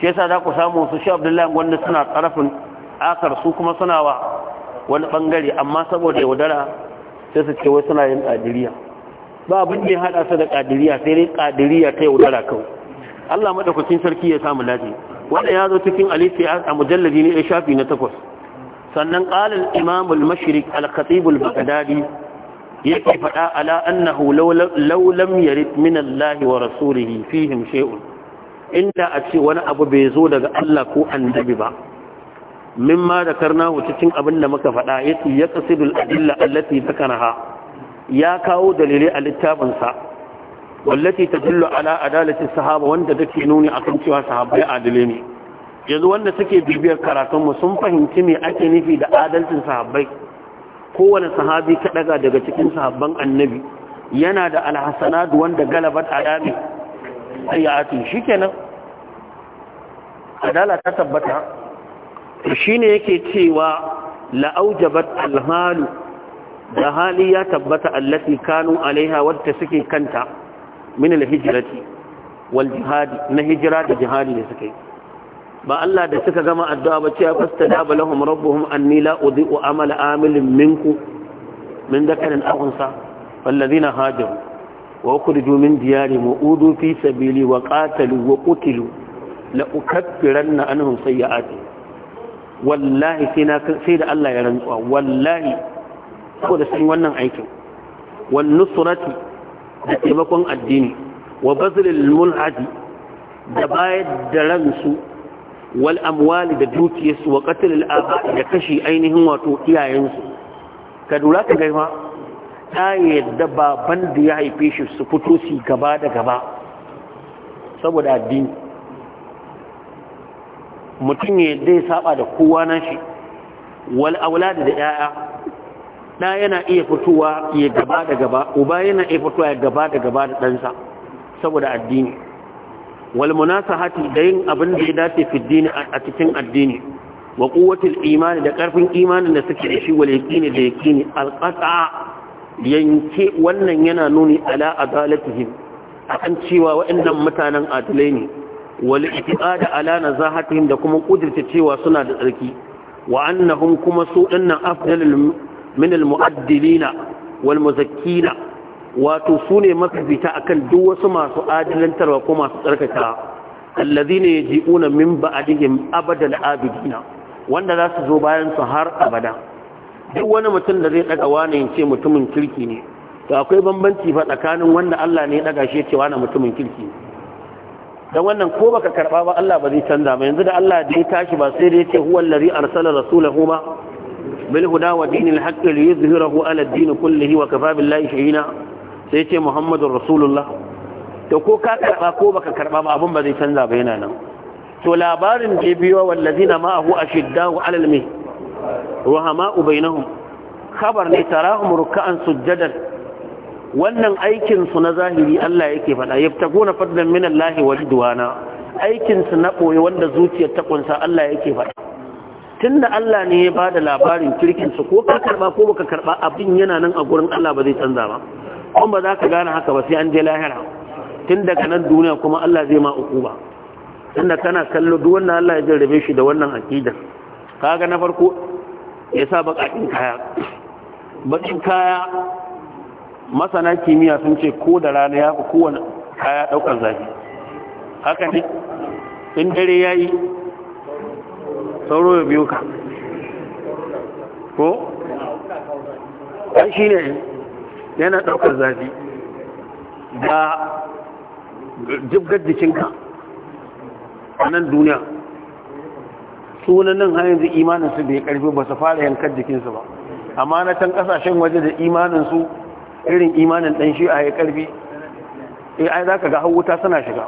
shi yasa za ku samu su shi abdullahi gwanda suna karfin akar su kuma suna wa wani bangare amma saboda yaudara sai su ce wai suna yin kadiriya ba abin da hada su da kadiriya sai dai kadiriya ta yaudara kawai Allah madaukakin sarki ya samu lafiya wanda ya zo cikin alisiya a mujalladi ne ya shafi na takwas sannan qala al-imam al-mashriq al yake faɗa ala annahu law lam yarid min Allah wa rasulihi fihim shay'un inda a ce wani abu bai zo daga Allah ko annabi ba mimma da karnahu cikin abin da muka faɗa yake ya adilla allati zakaraha ya kawo dalilai a littafin sa wallati tadullu ala adalati sahaba wanda take nuni akan cewa sahabbai adalai ne yanzu wanda suke bibiyar karatun mu sun fahimci me ake nufi da adalcin sahabbai kowane sahabi kaɗaga daga cikin sahabban annabi yana da alhassanadu wanda galabat alami shi kenan adala ta tabbata shine yake cewa la'aujabar alhalu da hali ya tabbata allafi kanu alaiha wadda suke kanta min alhijirati wal jihadi na hijira da jihadi da suke yi ba Allah da suka gama addu'a ba ya cewa fastajaba lahum rabbuhum anni la udhi'u amala amilin minku min dakarin akhunsa walladhina hajaru wa ukhrijoo min diyari ma udu fi sabili wa katalu wa qutilu la ukaffiranna anhum sayyi'atihim wallahi sai da Allah ya rantsuwa wallahi da sun wannan aikin wan nusrati da taimakon addini wa bazlil mulhadi da bayar da ransu wal amwali da dukiyarsu wa qatl al aba da kashi ainihin wato iyayensu ka dura ka gaifa ta yadda ba banda ya haife shi su fito su gaba da gaba saboda addini mutum ya yadda ya saba da kowa na shi wal aulad da yaya ɗa yana iya fitowa ya gaba da gaba uba yana iya fitowa ya gaba da gaba da ɗansa saboda addini wal Hati da yin abin da ya dace fiddini a cikin addini wa imani da karfin imanin da suke da shi wal yaqini da yaqini al qata yanke wannan yana nuni ala a akan cewa waɗannan mutanen adalai ne wal itiqad ala nazahatihim da kuma kudirta cewa suna da tsarki wa annahum kuma su dinnan afdalul min al mu'addilina wal muzakkina wato su ne mafifita akan duk wasu masu adalantarwa ko masu tsarkaka allazi ne ya ji'una min ba'adihim abadal abidina wanda za su zo bayan su har abada duk wani mutum da zai daga wani ya ce mutumin kirki ne to akwai bambanci fa tsakanin wanda Allah ne ya daga shi ya ce wani mutumin kirki ne dan wannan ko baka karba ba Allah ba zai canza ba yanzu da Allah da ya tashi ba sai dai ce huwa allazi arsala rasulahu ba bil huda wa dinil haqqi liyuzhirahu ala ad-din kullihi wa kafa billahi shahina sai ce muhammadun rasulullah to ko ka karba ko baka karba ba abin ba zai canza ba yana nan to labarin da biyo wallazina ma'ahu ashiddahu alal mi rahama'u bainahum khabar ne tarahum ruk'an sujjadar, wannan aikin su na zahiri Allah yake fada yaftaguna fadlan min Allah wa ridwana aikin su na boye wanda zuciyar ta kunsa Allah yake fada tunda Allah ne ya bada labarin kirkin su ko ka karba ko baka karba abin yana nan a gurin Allah ba zai canza ba Kuma ba za ka gane haka ba sai an je lahira tun daga nan duniya kuma Allah zai ma uku ba tunda kana kallo duk wannan Allah ya jarrabe shi da wannan aqida kaga na farko ya sa bakakin kaya bakin kaya masana kimiyya sun ce ko da rana ya ku kowane kaya daukar zafi haka ne in dare yayi sauro ya biyo ka ko shine yana ɗaukar zafi da jibgar jikinka a nan duniya sunanin hanyar da imaninsu bai ƙarfi ba su fara yankar jikinsu ba amma na can ƙasashen waje da imaninsu irin imanin ɗan shi a ya ƙarfi. Eh, ai za ka ga hawuta suna shiga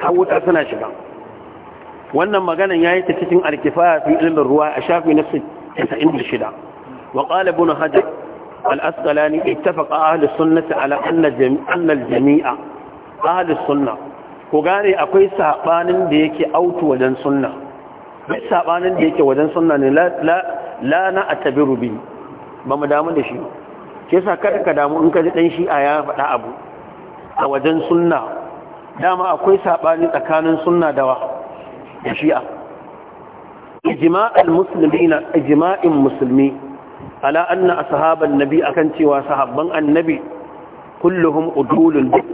hawuta suna shiga wannan maganan ya yi ta cikin alkifaya fi ilimin ruwa a shafi na 96 wa ƙalibin hajjar الأسقلاني اتفق أهل السنة على أن الجميع, أن الجميع أهل السنة وقال أقوي سابان ديك أوت ودن سنة بس سابان ديك ودن سنة لا, لا, لا نأتبر به بمدام دشي كيسا كدك دامو انك تنشي آيان فتا أبو ودن سنة dama akwai saɓani tsakanin sunna dawa da shi'a ijma'al المسلمين ijma'in المسلمين ala anna ashaban nabi akan cewa sahabban annabi kulluhum udulun duk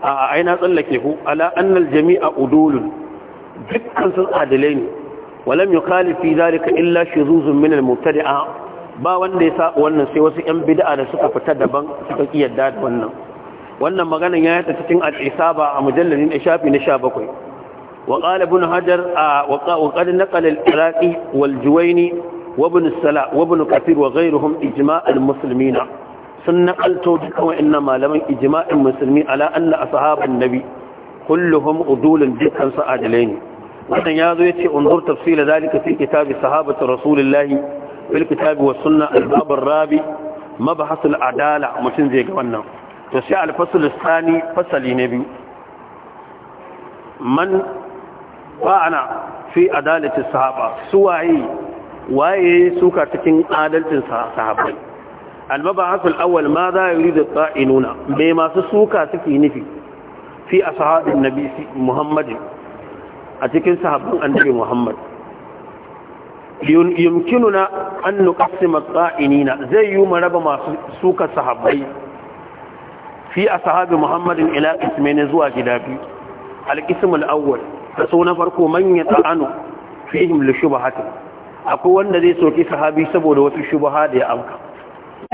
a aina tsallake ku ala anna aljami'a udulun dukkan sun adalai ne walam yukhalif fi zalika illa shuzuzun min almubtadi'a ba wanda ya saba wannan sai wasu yan bid'a da suka fita daban suka kiyarda da wannan wannan maganan ya yata cikin al-isaba a mujalladin shafi na 17 وقال ابن حجر وقد نقل العراقي والجويني وابن السلاء وابن كثير وغيرهم إجماع المسلمين سنة التوجه وإنما لمن إجماع المسلمين على أن أصحاب النبي كلهم أدول جدا سأجلين وأن ياذو يتي انظر تفصيل ذلك في كتاب صحابة رسول الله في الكتاب والسنة الباب الرابع مبحث العدالة متن زي قوانا تسيع الفصل الثاني فصل نبي من فعنا في عدالة الصحابة سواعي waye suka cikin adalcin sahabbai almabahasul awwal ma za yi yuridu ta'inuna me masu suka suke nufi fi ashabin nabi muhammadin a cikin sahabban annabi muhammad yumkinuna an nuqassima ta'inina zai yi mu raba masu suka sahabbai fi ashabi muhammadin ila ismaini zuwa gida biyu al-qism al-awwal da so na farko man yata'anu fihim li shubhatin akwai wanda zai soke sahabi saboda wasu shubaha da ya amka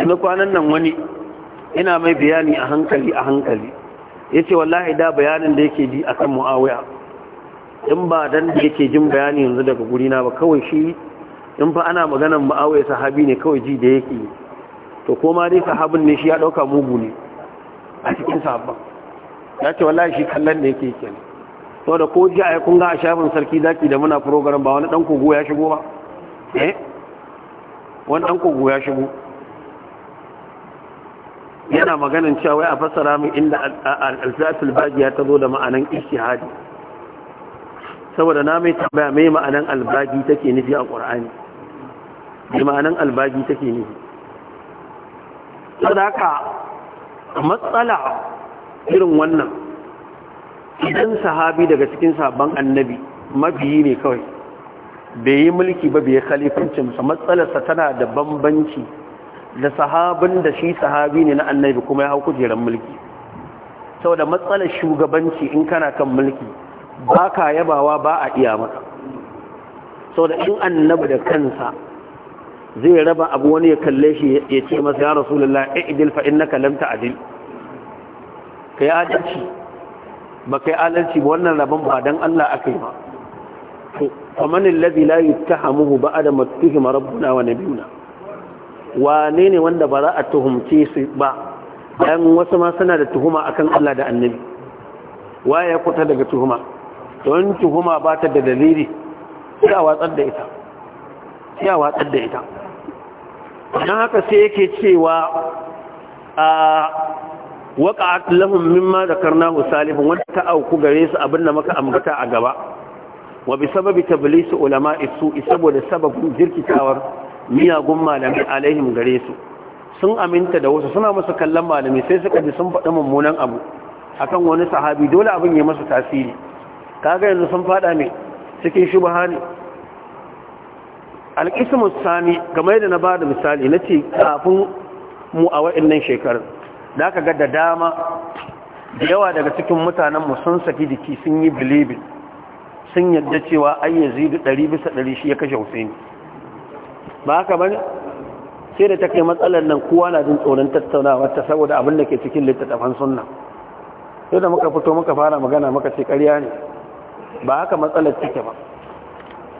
Ina kwanan nan wani ina mai bayani a hankali a hankali yace wallahi da bayanin da yake ji akan muawiya in ba dan da yake jin bayani yanzu daga guri na ba kawai shi in fa ana maganar muawiya sahabi ne kawai ji da yake to koma dai sahabin ne shi ya dauka mugu ne a cikin sahabban ya ce wallahi shi kallon da yake kenan saboda ko ji a kun ga a shafin sarki zaki da muna program ba wani dan kogo ya shigo ba eh wani ɗan kogo ya shigo yana maganin cewa a fassara min inda alfiyatul bagiya ta zo da ma'anan ishihadi saboda na mai tambaya mai ma'anan albagi take nufi a Ƙur'ani. mai ma'anan albagi take nufi saboda haka matsala irin wannan idan sahabi daga cikin sabon annabi mabiyi ne kawai bai yi mulki ba bai yi khalifancinsa matsalarsa tana da bambanci da sahabin da shi sahabi ne na annabi kuma ya hau kujerar mulki saboda matsalar shugabanci in kana kan mulki ba ka yabawa ba a iya maka saboda in annabi da kansa zai raba abu wani ya kalle shi ya ce masa ya rasulullah i'dil fa innaka lam ta'dil kai adalci ba kai adalci ba wannan rabon ba dan Allah akai ba faman alladhi la yuttahamuhu ba'da ma tuhima rabbuna wa nabiyuna wane ne wanda ba za a tuhumce su ba bayan wasu ma suna da tuhuma akan Allah da annabi waye ya kuta daga tuhuma don tuhuma ba ta da dalili sai a watsar da ita sai a watsar da ita don haka sai yake cewa a waƙa'at lahum mimma zakarnahu salihun wanda ta auku gare su abinda maka ambata a gaba wa bi sababi tablisu ulama isu saboda sababin jirkitawar miyagun malami alaihim gare su sun aminta da wasu suna masa kallon malami sai suka ji sun faɗa mummunan abu akan wani sahabi dole abin ya masa tasiri kaga yanzu sun faɗa ne cikin shubha ne alƙismu sani game da na bada misali na ce kafin mu a wa'annan shekarun da aka ga da dama da yawa daga cikin mutanenmu sun saki jiki sun yi bilibin sun yadda cewa ayyazi da ɗari bisa ɗari shi ya kashe husaini ba haka ba ne sai da ta kai matsalar nan kowa na jin tsoron tattaunawa ta saboda abin da ke cikin littattafan sunna sai da muka fito muka fara magana muka ce ƙarya ne ba haka matsalar take ba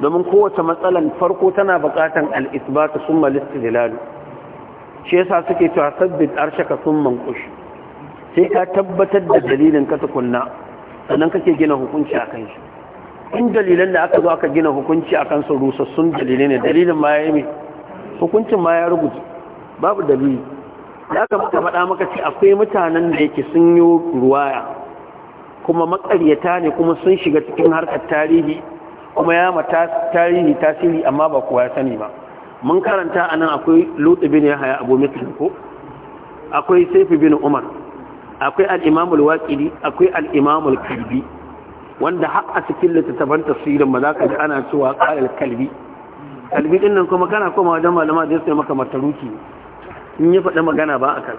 domin kowace matsalar farko tana buƙatar al'isbatu sun malisti shi yasa suke cewa sabbin arshaka sun mankush sai ka tabbatar da dalilin ka tukunna sannan kake gina hukunci a kan shi in dalilan da aka zo aka gina hukunci a kansu rusassun dalilai ne dalilin ma ya yi hukuncin ma ya rubuta babu dalili da aka maka faɗa maka ce akwai mutanen da yake sun yi ruwaya kuma makaryata ne kuma sun shiga cikin harkar tarihi kuma ya ma tarihi tasiri amma ba kowa ya sani ba mun karanta a nan akwai lutsi bin yahaya abu mitin ko akwai saifi bin umar akwai al'imamul waƙili akwai al'imamul kalbi wanda har a cikin littattafan tafsirin ma za ka ji ana cewa ƙarar kalbi kalbi ɗin nan kuma kana koma wajen malama zai sai maka mataruki in yi faɗi magana ba a kan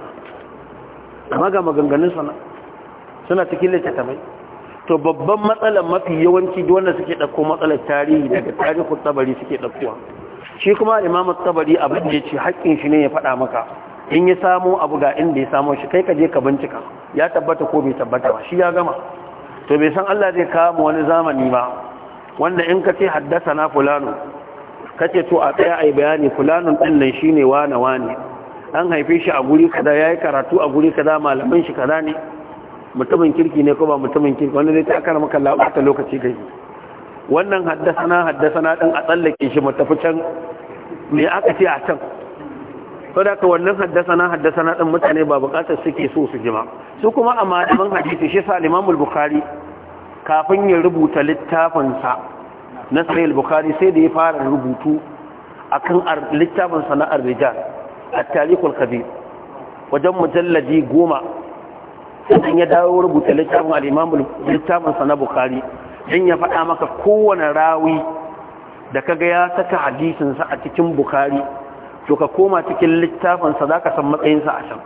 amma ga maganganun sana suna cikin littattafai to babban matsalar mafi yawanci wanda suke ɗauko matsalar tarihi daga tarihin tsabari suke ɗaukowa shi kuma imamu tsabari abin da ya ce haƙƙin shi ne ya faɗa maka in ya samo abu ga inda ya samo shi kai ka je ka bincika ya tabbata ko bai tabbata ba shi ya gama to bai san Allah zai kawo wani zamani ba wanda in ka ce haddasa na fulano ka ce to a tsaya a yi bayani fulano ɗin nan shi ne wane wane an haife shi a guri kada ya yi karatu a guri kada malamin shi kada ne mutumin kirki ne ko ba mutumin kirki wanda zai takar maka labarta lokaci gaji wannan haddasa na haddasa na ɗin a tsallake shi tafi can me aka ce a can to da wannan haddasa haddasana din mutane ba bukatar suke so su jima su kuma a malaman hadisi shi sa Imam al-Bukhari kafin ya rubuta littafin na Sahih al-Bukhari sai da ya fara rubutu akan littafin sa na ar-rijal at-tariq wajen mujalladi 10 sai ya dawo rubuta littafin al na Bukhari dan ya faɗa maka kowane rawi da kaga ya saka hadisinsa a cikin Bukhari to ka koma cikin littafinsa za ka san matsayinsa a can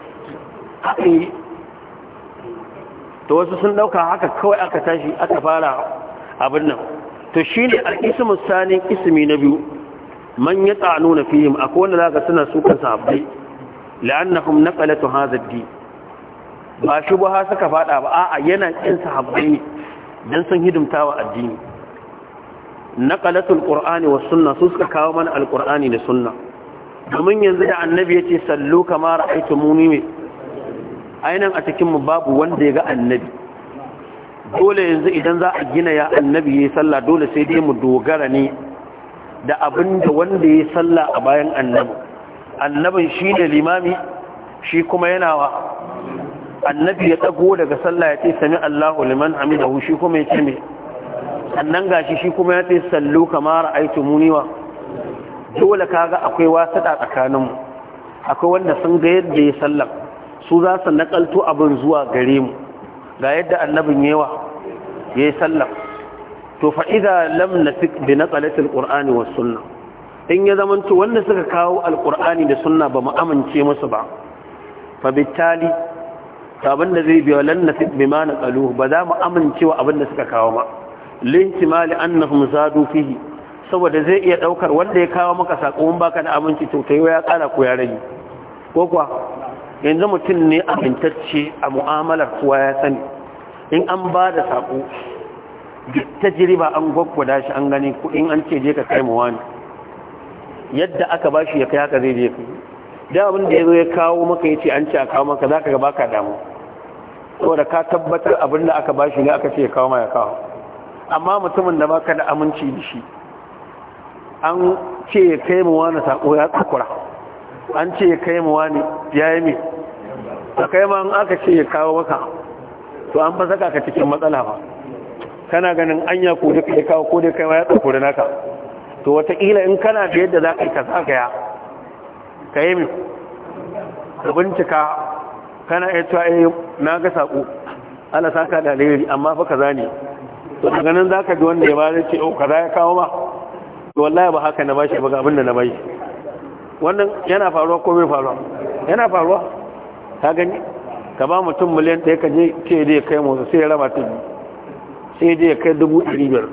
haɗin to wasu sun ɗauka haka kawai aka tashi aka fara abin nan to shi ne al'isimin sanin ismi na biyu man ya tsano na fihim a kowane za suna sukan sahabbai la'annahum naqalatu hadha ad-din ba suka fada ba a'a yana kin sahabbai ne don sun hidimta wa addini naqalatul qur'ani wa sunna su suka kawo mana Alƙur'ani da sunna domin yanzu da annabi ya ce sallu kamar aiki muni ne ainihin a cikinmu babu wanda ya ga annabi dole yanzu idan za a gina ya annabi ya yi sallah dole sai dai mu dogara ne da abin da wanda ya yi sallah a bayan annabi annabin shi ne limami shi kuma yana wa annabi ya tsago daga sallah ya ce sami allahu liman hamidahu shi kuma ya ce mai sannan gashi shi kuma ya ce sallu kamar aiki muni wa dole ga akwai wasaɗa tsakaninmu akwai wanda sun ga yadda ya sallam su za su naƙalto abin zuwa gare mu ga yadda annabin yawa ya yi sallam to fa'iza lam na fi bi na ƙur'ani wa suna in ya zamanto wanda suka kawo alƙur'ani da suna ba mu amince musu ba fa bittali abin da zai biya lan na bi ma na ba za mu amince wa abin da suka kawo ma lintimali annahum musadu fihi saboda zai iya daukar wanda ya kawo maka sakon baka da aminci to kai ya kara ku ya rage ko kuwa yanzu mutum ne amintacce a mu'amalar kuwa ya sani in an ba da sako ta jiriba an gwaggwada shi an gani in an ce je ka kai mu wani yadda aka ba shi ya kai haka zai je ku da abin da ya zo ya kawo maka ya ce an ce a kawo maka za ka ga baka damu saboda ka tabbatar abin da aka ba shi ne aka ce ya kawo ma ya kawo amma mutumin da baka da aminci da shi an ce ya kai mu wani sako ya tsakura an ce ya kai mu wani ya yi mai ta kai ma an aka ce ya kawo maka to an fa saka ka cikin matsala ba kana ganin anya ko duka ya kawo ko dai kai ma ya tsakura naka to wataƙila in kana da yadda za ka yi ka sa ka ya ka yi mai ka bincika kana iya cewa eh na ga sako ana saka da alheri amma fa za ne to daga za ka ji wanda ya ba zai ce oh za ya kawo ba wallahi ba haka na bashi ba ga abin da na bashi wannan yana faruwa ko bai faruwa yana faruwa ka gani ka ba mutum miliyan ɗaya ka je ce dai kai motsa sai ya raba ta sai dai ya kai dubu ɗari biyar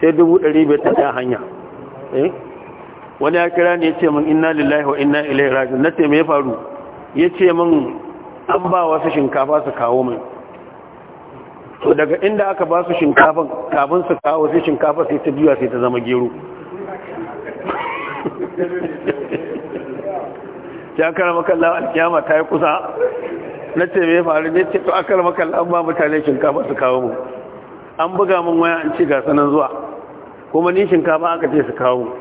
sai dubu ɗari biyar ta ta hanya eh? wani ya kira ne ya ce min inna lillahi wa inna ilaihi raji'un na ce me ya faru ya ce min an ba wasu shinkafa su kawo min to daga inda aka ba su shinkafan kafin su kawo sai shinkafa sai ta biya sai ta zama gero ya karama kalla alkiyama ta yi kusa na ce mai faru ne ce to akar makalla an ba mutane shinkafa su kawo mu an buga mun waya an ci gasa nan zuwa kuma ni shinkafa aka ce su kawo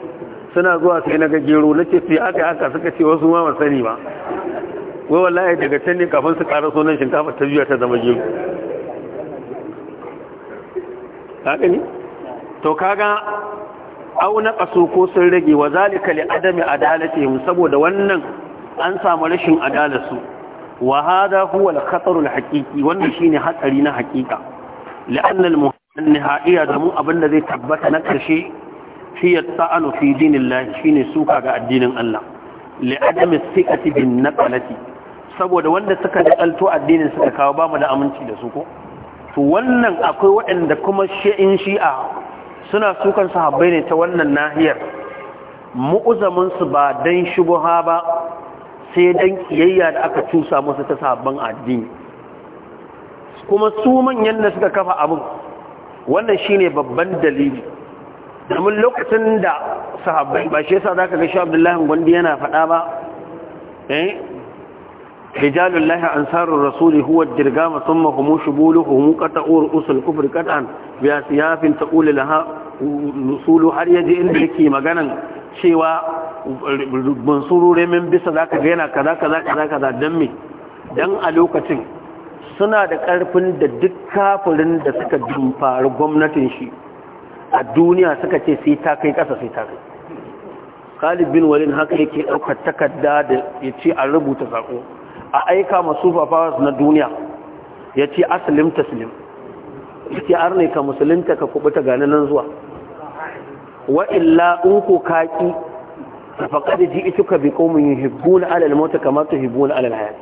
suna zuwa sai na gajero na ce su aka aka suka ce wasu ma ba sani ba wai wallahi daga can ne kafin su ƙara sunan shinkafa ta biya ta zama jero ka gani to kaga au na kaso ko sun rage wa zalika li adami adalatihim saboda wannan an samu rashin adalarsu wa hada huwa al-khatar al-haqiqi wannan shine hatsari na haqiqa la'anna al-muhanniha da mu abinda zai tabbata na karshe shi ya ta'anu fi dinillah shine suka ga addinin Allah li'adami thiqati bin naqalati saboda wanda suka dakalto addinin suka kawo ba mu da aminci da su ko to wannan akwai waɗanda kuma shi'in shi'a suna sukan sahabbai ne ta wannan nahiyar su ba dan shubuha ba sai dan kiyayya da aka cusa musu ta sahabban addini kuma su manyan da suka kafa abin wannan shine babban dalili domin lokacin da sahabbai ba shi yasa zaka ga shi Abdullahi Gondi yana fada ba eh رجال الله أنصار الرسول هو الدرقام ثم هم شبولهم قطعوا رؤوس الكفر قطعا بأسياف تقول لها وصول har yaje inda yake maganan cewa mansuru remin bisa zaka ga yana kaza kaza kaza kaza dan a lokacin suna da karfin da duk kafirin da suka dumfari gwamnatin shi a duniya suka ce sai ta kai kasa sai ta kai Khalid bin Walid haka yake ɗaukar takarda da yace a rubuta sako a aika masu super na duniya ya ce aslim taslim ce arne ka musulunta ka kubuta gane nan zuwa wa illa in ku ji ita ka bi qaumin yi 'ala al-maut kamar ta 'ala alal hayat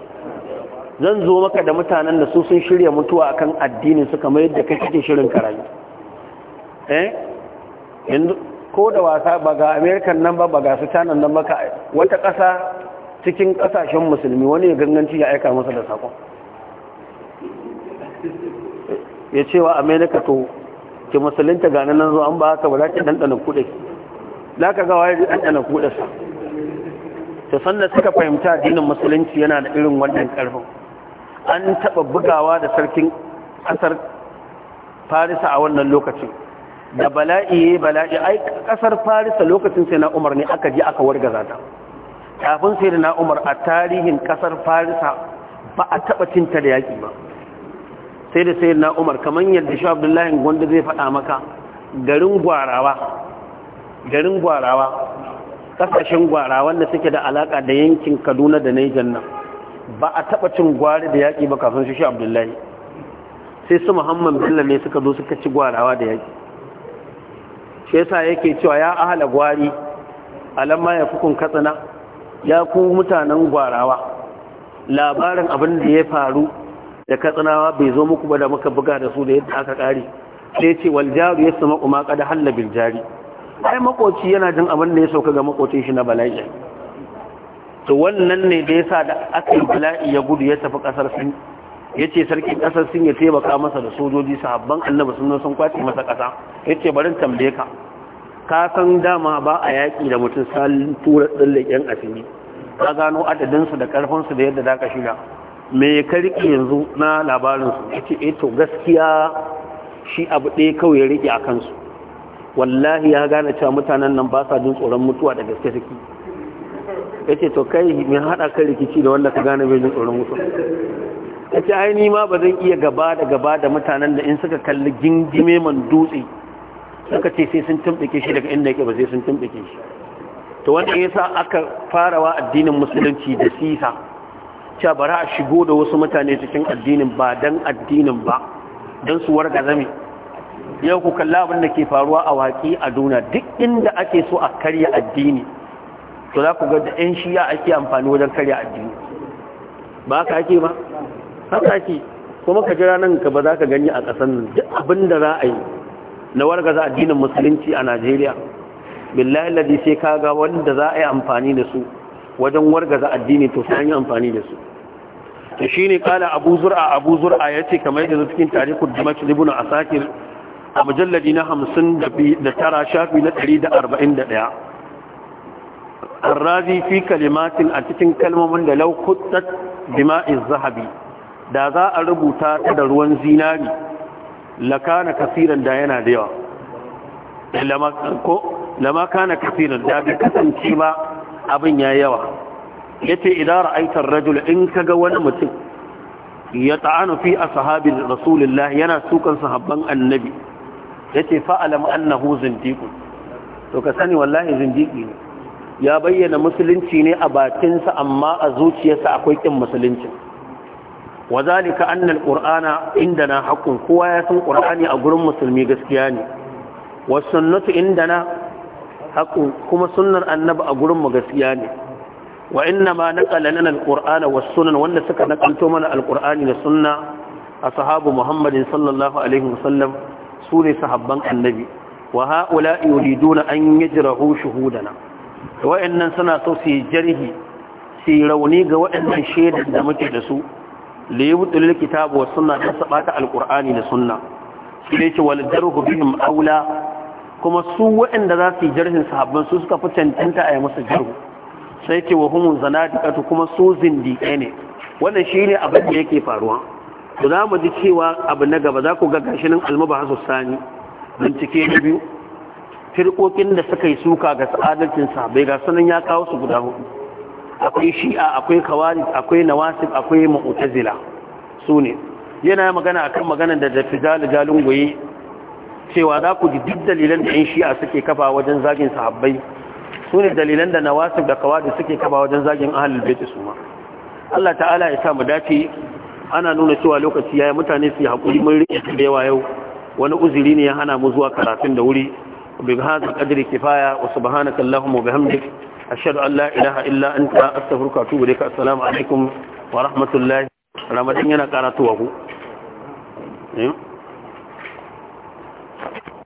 zan zo maka da mutanen da su sun shirya mutuwa akan addinin su kamar yadda kai cikin shirin karayi eh ko da wasa ba ga Amerikan nan ba ba ga su tanan nan ba wata ƙasa cikin kasashen musulmi wani ya ganganci ya aika masa da sakon ya ce wa amerika to ki musulinta gane nan zuwa an ba haka ba za ki ɗanɗana kuɗe za ka gawa ya ɗanɗana kuɗe sa ta sanda suka fahimta addinin musulunci yana da irin wannan ƙarfin an taɓa bugawa da sarkin ƙasar farisa a wannan lokacin da bala'i bala'i ai ƙasar farisa lokacin sai na umarni aka ji aka wargaza ta kafin sai na umar a tarihin kasar farisa ba a taɓa cinta da yaƙi ba sai da sai na umar kamar yadda shi abdullahi wanda zai faɗa maka garin gwarawa garin gwarawa ƙasashen gwarawan da suke da alaƙa da yankin kaduna da naijan nan ba a taɓa cin gwari da yaƙi ba kafin shi abdullahi sai su muhammad bello ne suka zo suka ci gwarawa da yaƙi shi yasa yake cewa ya ahala gwari alamma ya fukun katsina ya ku mutanen gwarawa labarin abin da ya faru da katsinawa bai zo muku ba da muka buga da su da yadda aka kare sai ce wal jaru ya sama kuma kada halla bil jari ai makoci yana jin abin da ya sauka ga makocin shi na bala'i to wannan ne da yasa da aka bala'i ya gudu ya tafi kasar sin yace sarkin kasar sin ya taimaka masa da sojoji sahabban annabi sun sun kwace masa kasa yace barin tambaye ka kasan dama ba a yaƙi da mutum salin tura tsallaken asiri ta gano adadinsu da ƙarfinsu da yadda zaka shiga me karki yanzu na labarinsu ya ce eto eh, gaskiya shi abu ɗaya kawai ya riƙe a kansu wallahi ya gane cewa mutanen nan ba sa jin tsoron mutuwa da gaske suke ya ce to kai mai haɗa kan rikici da wanda ka gane bai jin tsoron mutuwa ya ce ai ni ma ba zan iya gaba da gaba da mutanen da in suka kalli gingime man dutse suka ce sai sun tumɓuke shi daga inda yake ba sai sun tumɓuke shi to wanda ya sa aka farawa addinin musulunci da sisa cewa bara a shigo da wasu mutane cikin addinin ba don addinin ba don su warga zame yau ku kalla abin da ke faruwa a waƙi a duna duk inda ake so a karya addini to za ku ga da 'yan shiya ake amfani wajen karya addini ba ka ake ba haka ake kuma ka jira nan ka ba za ka gani a ƙasan nan duk abin za a yi na wargaza addinin musulunci a najeriya billahi ladi sai kaga wanda za a yi amfani da su wajen wargaza addini to sai an yi amfani da su to shine kala abu zur'a abu zur'a yace kamar yadda cikin tarihul dimash ibn asakir a mujalladi na 59 shafi na 141 arrazi fi kalimatin a cikin kalmomin da law kuttat bima'iz zahabi da za a rubuta ta da ruwan zinari lakana kasiran da yana da yawa lama kana kasiran da bai kasance ba abin ya yawa ya ce idan ra'aitar rajul in kaga wani mutum ya ta'anu fi a sahabin rasulullah yana sukan sahabban annabi ya ce fa'alam annahu zindiku to ka sani wallahi zindiki ne ya bayyana musulunci ne a bakinsa amma a zuciyarsa akwai ƙin musuluncin wa zalika anna alqur'ana indana haqqun kowa ya san qur'ani a gurin musulmi gaskiya ne was sunnatu indana haqqun kuma sunnar annabi a gurin mu gaskiya ne wa inna ma naqala lana alqur'ana sunan wanda suka nakalto mana alqur'ani da sunna ashabu muhammadin sallallahu su ne sahabban annabi wa haula yuriduna an suna so su yi jarhi su rauni ga waɗannan shaidar da muke da su li yubtil kitab wa sunna da sabata alqur'ani da sunna shi ne ce wal jarhu bihim aula kuma su waɗanda za su yi jarhin sahabban su suka fi cancanta a yi musu jarhu sai ce wa humun zanadiqatu kuma su zindiƙe ne wannan ne abin da yake faruwa to za mu ji cewa abu na gaba za ku ga gashi nan almubahasu sani bincike na biyu firƙoƙin da suka yi suka ga sa'adancin sahabbai ga sanan ya kawo su guda hudu akwai shi'a akwai kawari akwai nawasib akwai mu'tazila su ne yana magana akan magana da dafidal galin goyi cewa za ku ji duk dalilan da 'yan shi'a suke kafa wajen zagin sahabbai su ne dalilan da nawasib da kawari suke kafa wajen zagin ahlul bait su ma Allah ta'ala ya sa mu dace ana nuna cewa lokaci yayi mutane su yi hakuri mun rike da yawa yau wani uzuri ne ya hana mu zuwa karatun da wuri bi hadha qadri kifaya wa subhanaka allahumma wa bihamdika ashhadu an la illa anta astaghfiruka wa atubu ilayka assalamu alaikum wa rahmatullahi ramadan yana karatuwa ku